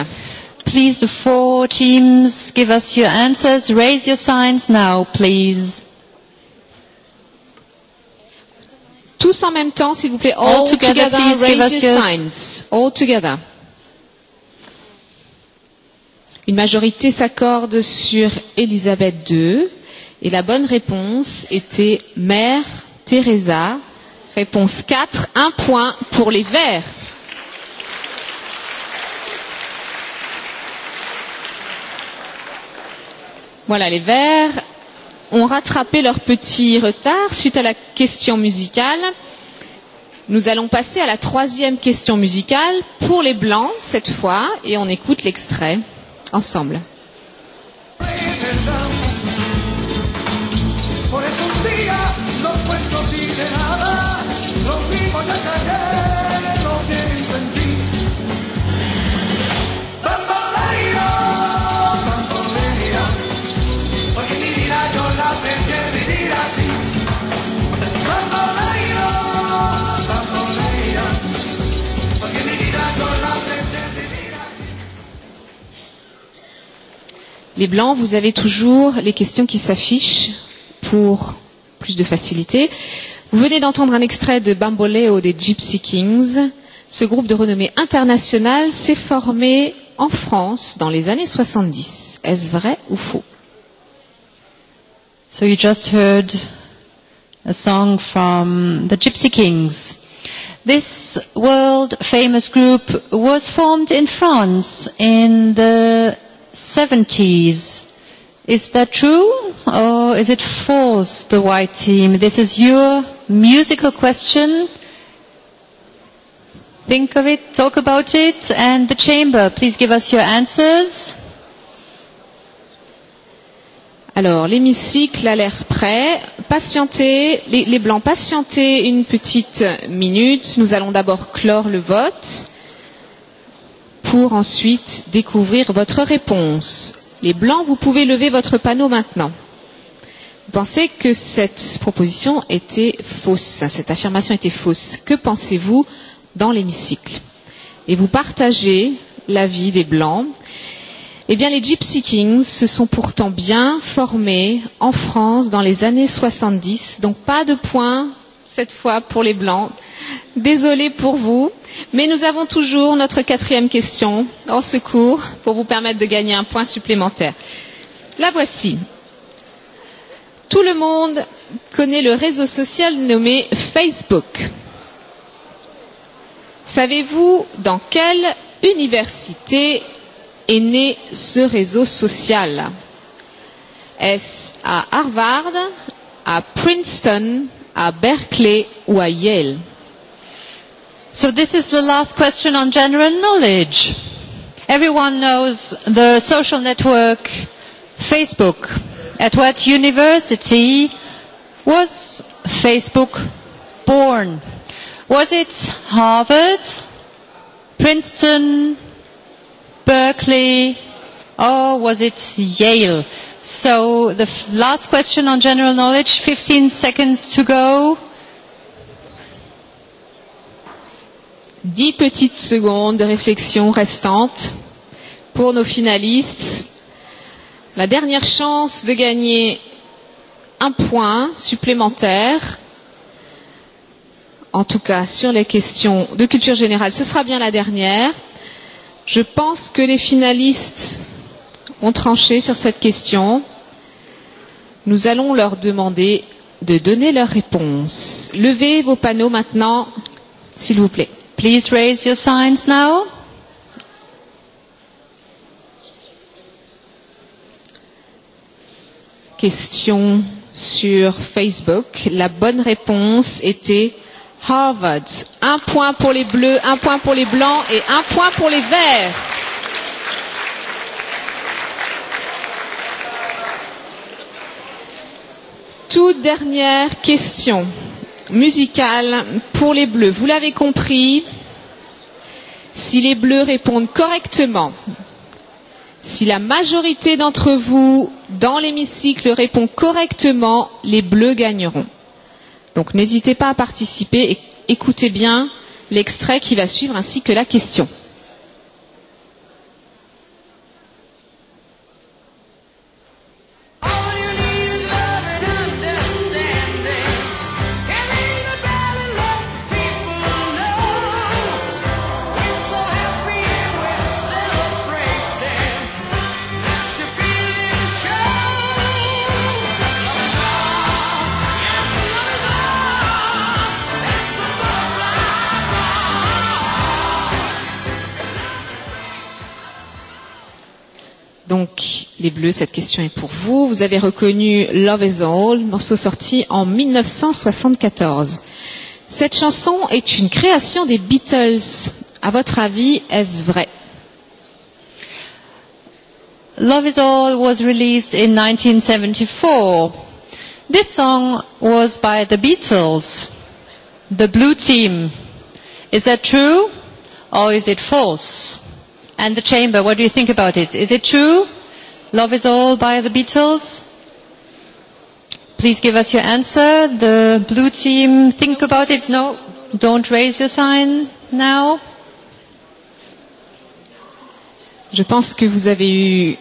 Please, the four teams, give us your answers. Raise your signs now, please. Tous en même temps, s'il vous plaît. All, All together, together, please raise give us your signs. All together. Une majorité s'accorde sur Elisabeth II et la bonne réponse était Mère Teresa. Réponse 4, un point pour les Verts. Voilà, les Verts ont rattrapé leur petit retard suite à la question musicale. Nous allons passer à la troisième question musicale pour les Blancs cette fois et on écoute l'extrait ensemble. Raise Les blancs, vous avez toujours les questions qui s'affichent pour plus de facilité. Vous venez d'entendre un extrait de Bamboleo des Gypsy Kings. Ce groupe de renommée internationale s'est formé en France dans les années 70. Est-ce vrai ou faux So you just heard a song from the Gypsy Kings. This world famous group was formed in France in the 70s. Is that true or is it false, the white team? This is your musical question. Think of it, talk about it, and the chamber, please give us your answers. Alors, l'hémicycle a l'air prêt. Patientez, les, les blancs, patientez une petite minute. Nous allons d'abord clore le vote pour ensuite découvrir votre réponse. Les blancs, vous pouvez lever votre panneau maintenant. Vous pensez que cette proposition était fausse, cette affirmation était fausse. Que pensez-vous dans l'hémicycle Et vous partagez l'avis des blancs. Eh bien, les Gypsy Kings se sont pourtant bien formés en France dans les années 70, donc pas de points cette fois pour les Blancs. Désolée pour vous, mais nous avons toujours notre quatrième question en secours pour vous permettre de gagner un point supplémentaire. La voici. Tout le monde connaît le réseau social nommé Facebook. Savez-vous dans quelle université est né ce réseau social Est-ce à Harvard, à Princeton à Berkeley ou à Yale. So this is the last question on general knowledge. Everyone knows the social network Facebook. At what university was Facebook born? Was it Harvard, Princeton, Berkeley, or was it Yale? So the f- last question on general knowledge, 15 seconds to go. 10 petites secondes de réflexion restantes pour nos finalistes. La dernière chance de gagner un point supplémentaire. En tout cas, sur les questions de culture générale, ce sera bien la dernière. Je pense que les finalistes ont tranché sur cette question. Nous allons leur demander de donner leur réponse. Levez vos panneaux maintenant, s'il vous plaît. Please raise your signs now. Question sur Facebook. La bonne réponse était Harvard. Un point pour les bleus, un point pour les blancs et un point pour les verts. toute dernière question musicale pour les bleus. Vous l'avez compris, si les bleus répondent correctement, si la majorité d'entre vous dans l'hémicycle répond correctement, les bleus gagneront. Donc n'hésitez pas à participer et écoutez bien l'extrait qui va suivre ainsi que la question. Donc, les Bleus, cette question est pour vous. Vous avez reconnu Love is All, morceau sorti en 1974. Cette chanson est une création des Beatles. À votre avis, est-ce vrai Love is All was released in 1974. This song was by the Beatles, the Blue Team. Is that true or is it false? And the Chamber, what do you think about it? Is it true? Love is All by the Beatles? Please give us your answer. The blue team, think about it. No, don't raise your sign now. Je pense que vous avez eu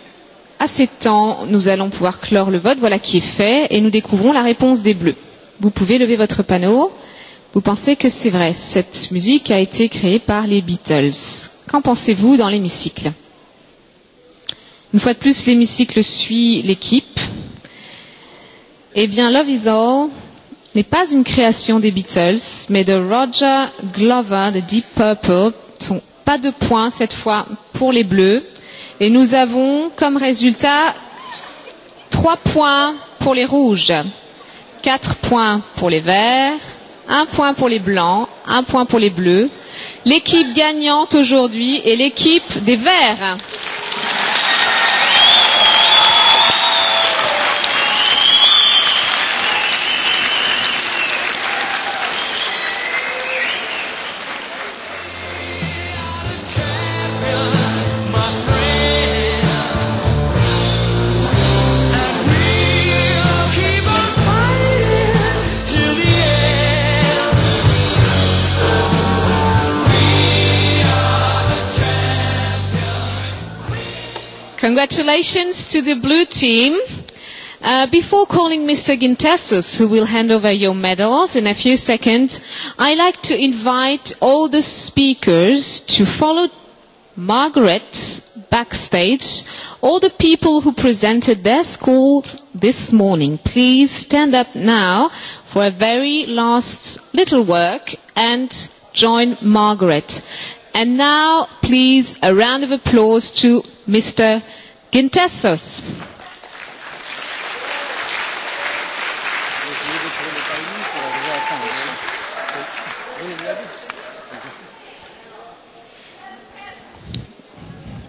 assez de temps. Nous allons pouvoir clore le vote. Voilà qui est fait. Et nous découvrons la réponse des bleus. Vous pouvez lever votre panneau. Vous pensez que c'est vrai. Cette musique a été créée par les Beatles. Qu'en pensez-vous dans l'hémicycle Une fois de plus, l'hémicycle suit l'équipe. Eh bien, Love is All n'est pas une création des Beatles, mais de Roger Glover de Deep Purple. Sont pas de points cette fois pour les Bleus. Et nous avons comme résultat trois points pour les Rouges, quatre points pour les Verts, un point pour les Blancs, un point pour les Bleus L'équipe gagnante aujourd'hui est l'équipe des Verts. Congratulations to the blue team. Uh, before calling Mr. Gintessus, who will hand over your medals in a few seconds, I'd like to invite all the speakers to follow Margaret backstage. All the people who presented their schools this morning, please stand up now for a very last little work and join Margaret. And now, please, a round of applause to Mr.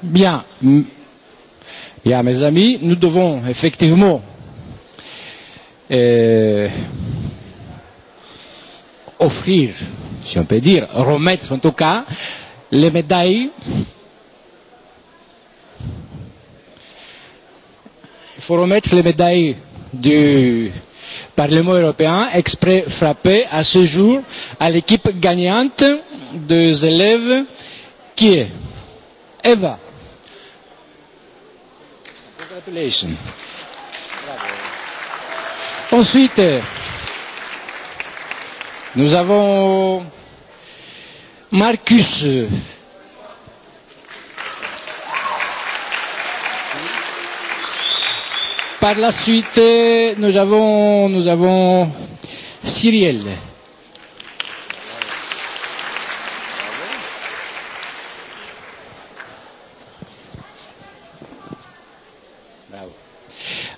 Bien. Bien, mes amis, nous devons effectivement euh, offrir, si on peut dire, remettre en tout cas les médailles Il faut remettre les médailles du Parlement européen exprès frappé à ce jour à l'équipe gagnante des élèves qui est Eva. Congratulations. Ensuite, nous avons Marcus Par la suite, nous avons, nous avons Cyrielle.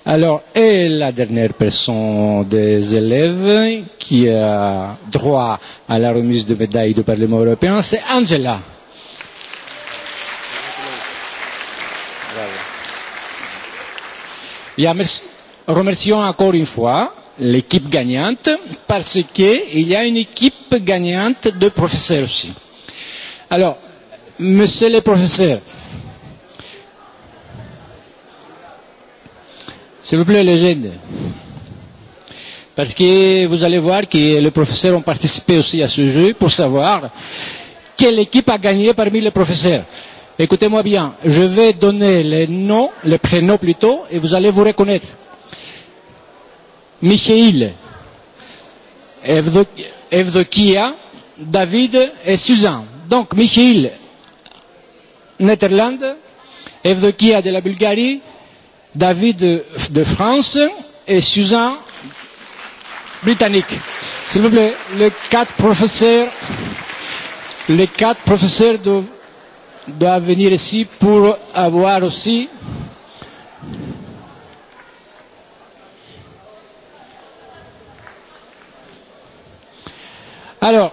Alors, et la dernière personne des élèves qui a droit à la remise de médaille du Parlement européen, c'est Angela. Et merci. Remercions encore une fois l'équipe gagnante parce qu'il y a une équipe gagnante de professeurs aussi. Alors, monsieur le professeur, s'il vous plaît, légende. Parce que vous allez voir que les professeurs ont participé aussi à ce jeu pour savoir quelle équipe a gagné parmi les professeurs. Écoutez-moi bien, je vais donner les noms, les prénoms plutôt, et vous allez vous reconnaître. Michael, Evdokia, David et Suzanne. Donc Michael, Netherlands, Evdokia de la Bulgarie, David de France et Suzanne britannique. S'il vous plaît, les quatre professeurs, les quatre professeurs de doit venir ici pour avoir aussi Alors,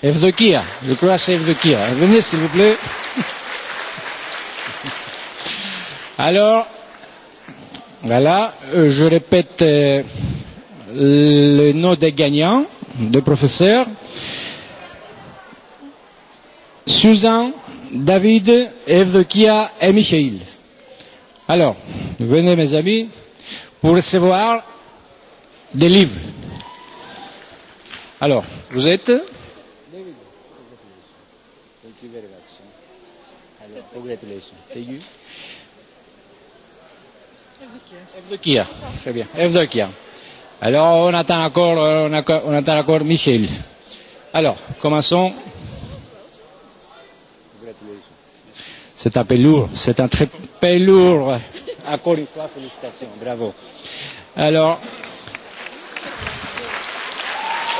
Evdokia, je crois c'est Evdokia. Venez s'il vous plaît. Alors, Voilà, je répète le nom des gagnants, des professeurs. Suzanne, David, Evdokia et Michael. Alors, venez mes amis pour recevoir des livres. Alors, vous êtes Congratulations. Thank you. Ευδοκία. Ευδοκία. Alors, on attend encore, on attend, on attend encore Michel. Alors, commençons. C'est un peu lourd, c'est un très peu lourd. Encore une fois, félicitations, bravo. Alors,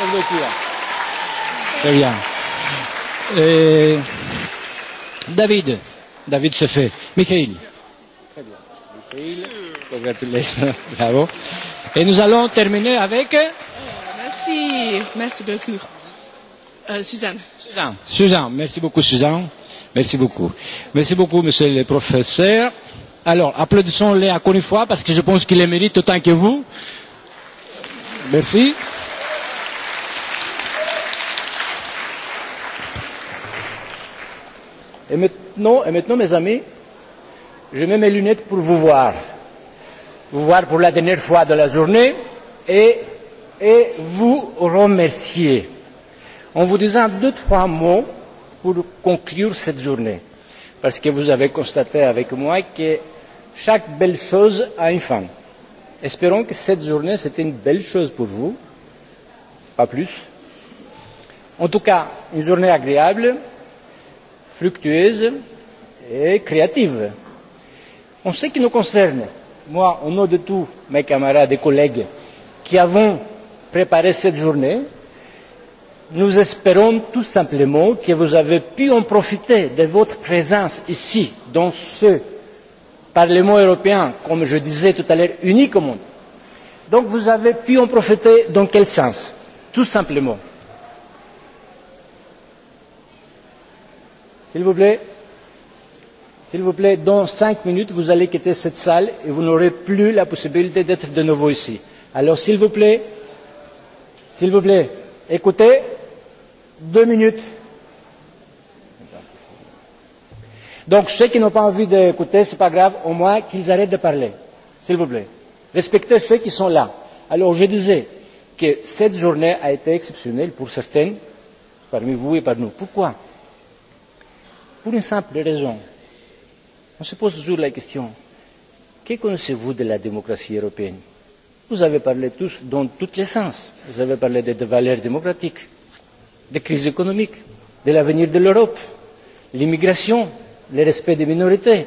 Evdokia. Très bien. Et David, David se fait. Michael. Très bien. Michael. Congratulations. Bravo. Et nous allons terminer avec. Merci. Merci beaucoup. Euh, Suzanne. Suzanne. Suzanne. Merci beaucoup, Suzanne. Merci beaucoup. Merci beaucoup, monsieur le professeur. Alors, applaudissons-les encore une fois parce que je pense qu'il les mérite autant que vous. Merci. Et maintenant, et maintenant, mes amis, je mets mes lunettes pour vous voir vous voir pour la dernière fois de la journée et, et vous remercier en vous disant deux, trois mots pour conclure cette journée. Parce que vous avez constaté avec moi que chaque belle chose a une fin. Espérons que cette journée, c'était une belle chose pour vous, pas plus. En tout cas, une journée agréable, fructueuse et créative. En ce qui nous concerne, moi, au nom de tous mes camarades et collègues qui avons préparé cette journée, nous espérons tout simplement que vous avez pu en profiter de votre présence ici, dans ce Parlement européen, comme je disais tout à l'heure, unique au monde. Donc vous avez pu en profiter dans quel sens Tout simplement. S'il vous plaît. S'il vous plaît, dans cinq minutes, vous allez quitter cette salle et vous n'aurez plus la possibilité d'être de nouveau ici. Alors, s'il vous plaît, s'il vous plaît, écoutez, deux minutes. Donc, ceux qui n'ont pas envie d'écouter, ce n'est pas grave, au moins qu'ils arrêtent de parler. S'il vous plaît. Respectez ceux qui sont là. Alors, je disais que cette journée a été exceptionnelle pour certaines, parmi vous et parmi nous. Pourquoi Pour une simple raison On se pose toujours la question, que connaissez-vous de la démocratie européenne Vous avez parlé tous dans tous les sens. Vous avez parlé des valeurs démocratiques, des crises économiques, de l'avenir de l'Europe, l'immigration, le respect des minorités,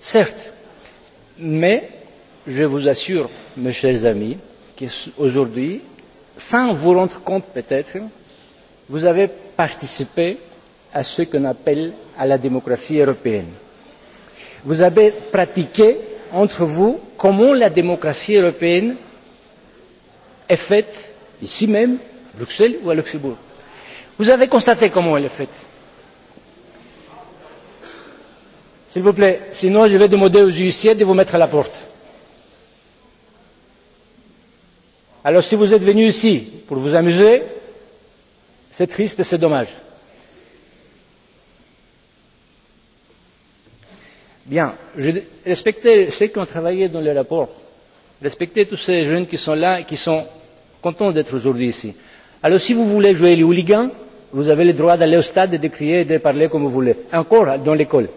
certes. Mais je vous assure, mes chers amis, qu'aujourd'hui, sans vous rendre compte peut-être, vous avez participé à ce qu'on appelle la démocratie européenne vous avez pratiqué entre vous comment la démocratie européenne est faite ici même, à Bruxelles ou à Luxembourg. Vous avez constaté comment elle est faite. S'il vous plaît, sinon je vais demander aux huissiers de vous mettre à la porte. Alors si vous êtes venu ici pour vous amuser, c'est triste et c'est dommage. Bien, je respectez ceux qui ont travaillé dans le rapport. Respectez tous ces jeunes qui sont là, qui sont contents d'être aujourd'hui ici. Alors si vous voulez jouer les hooligans, vous avez le droit d'aller au stade, et de crier, et de parler comme vous voulez. Encore dans l'école.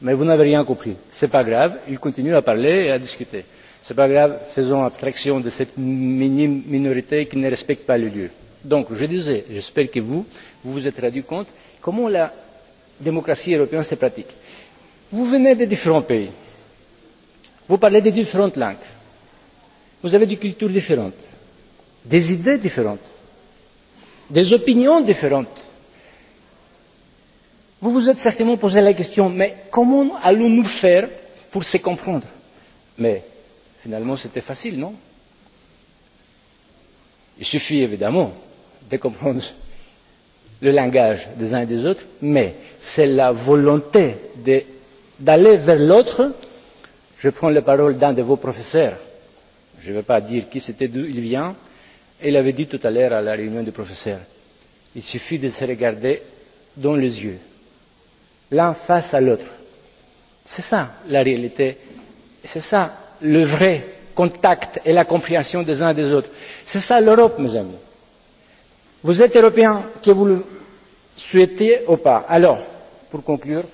Mais vous n'avez rien compris. Ce n'est pas grave, ils continuent à parler et à discuter. Ce n'est pas grave, faisons abstraction de cette minime minorité qui ne respecte pas le lieu. Donc, je disais, j'espère que vous, vous vous êtes rendu compte comment la démocratie européenne se pratique. Vous venez de différents pays. Vous parlez de différentes langues. Vous avez des cultures différentes, des idées différentes, des opinions différentes. Vous vous êtes certainement posé la question, mais comment allons-nous faire pour se comprendre Mais finalement, c'était facile, non Il suffit évidemment de comprendre le langage des uns et des autres, mais c'est la volonté de d'aller vers l'autre. Je prends les paroles d'un de vos professeurs. Je ne vais pas dire qui c'était, d'où il vient. Il avait dit tout à l'heure à la réunion des professeurs, il suffit de se regarder dans les yeux, l'un face à l'autre. C'est ça la réalité, c'est ça le vrai contact et la compréhension des uns et des autres. C'est ça l'Europe, mes amis. Vous êtes européens, que vous le souhaitez ou pas. Alors, pour conclure,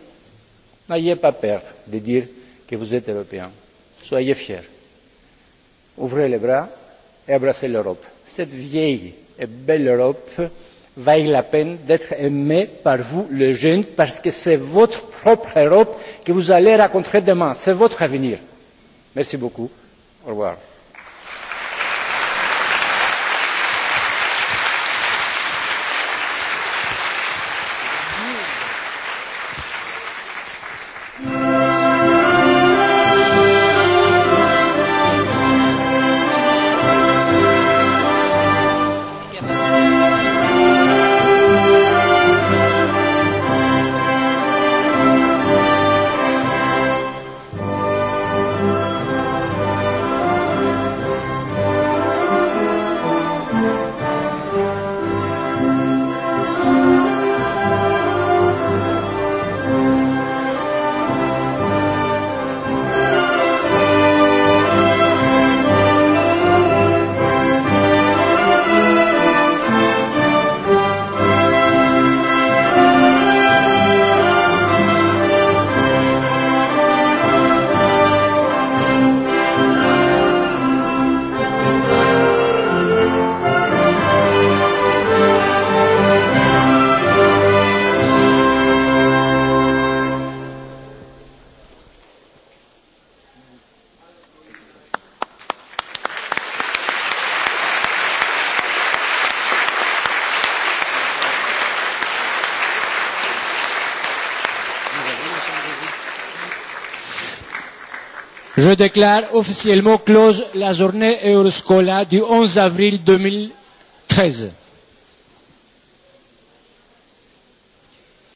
N'ayez pas peur de dire que vous êtes européen. Soyez fiers. Ouvrez les bras et abrassez l'Europe. Cette vieille et belle Europe vaille la peine d'être aimée par vous, les jeunes, parce que c'est votre propre Europe que vous allez rencontrer demain. C'est votre avenir. Merci beaucoup. Au revoir. Je déclare officiellement close la journée Euroscola du 11 avril 2013.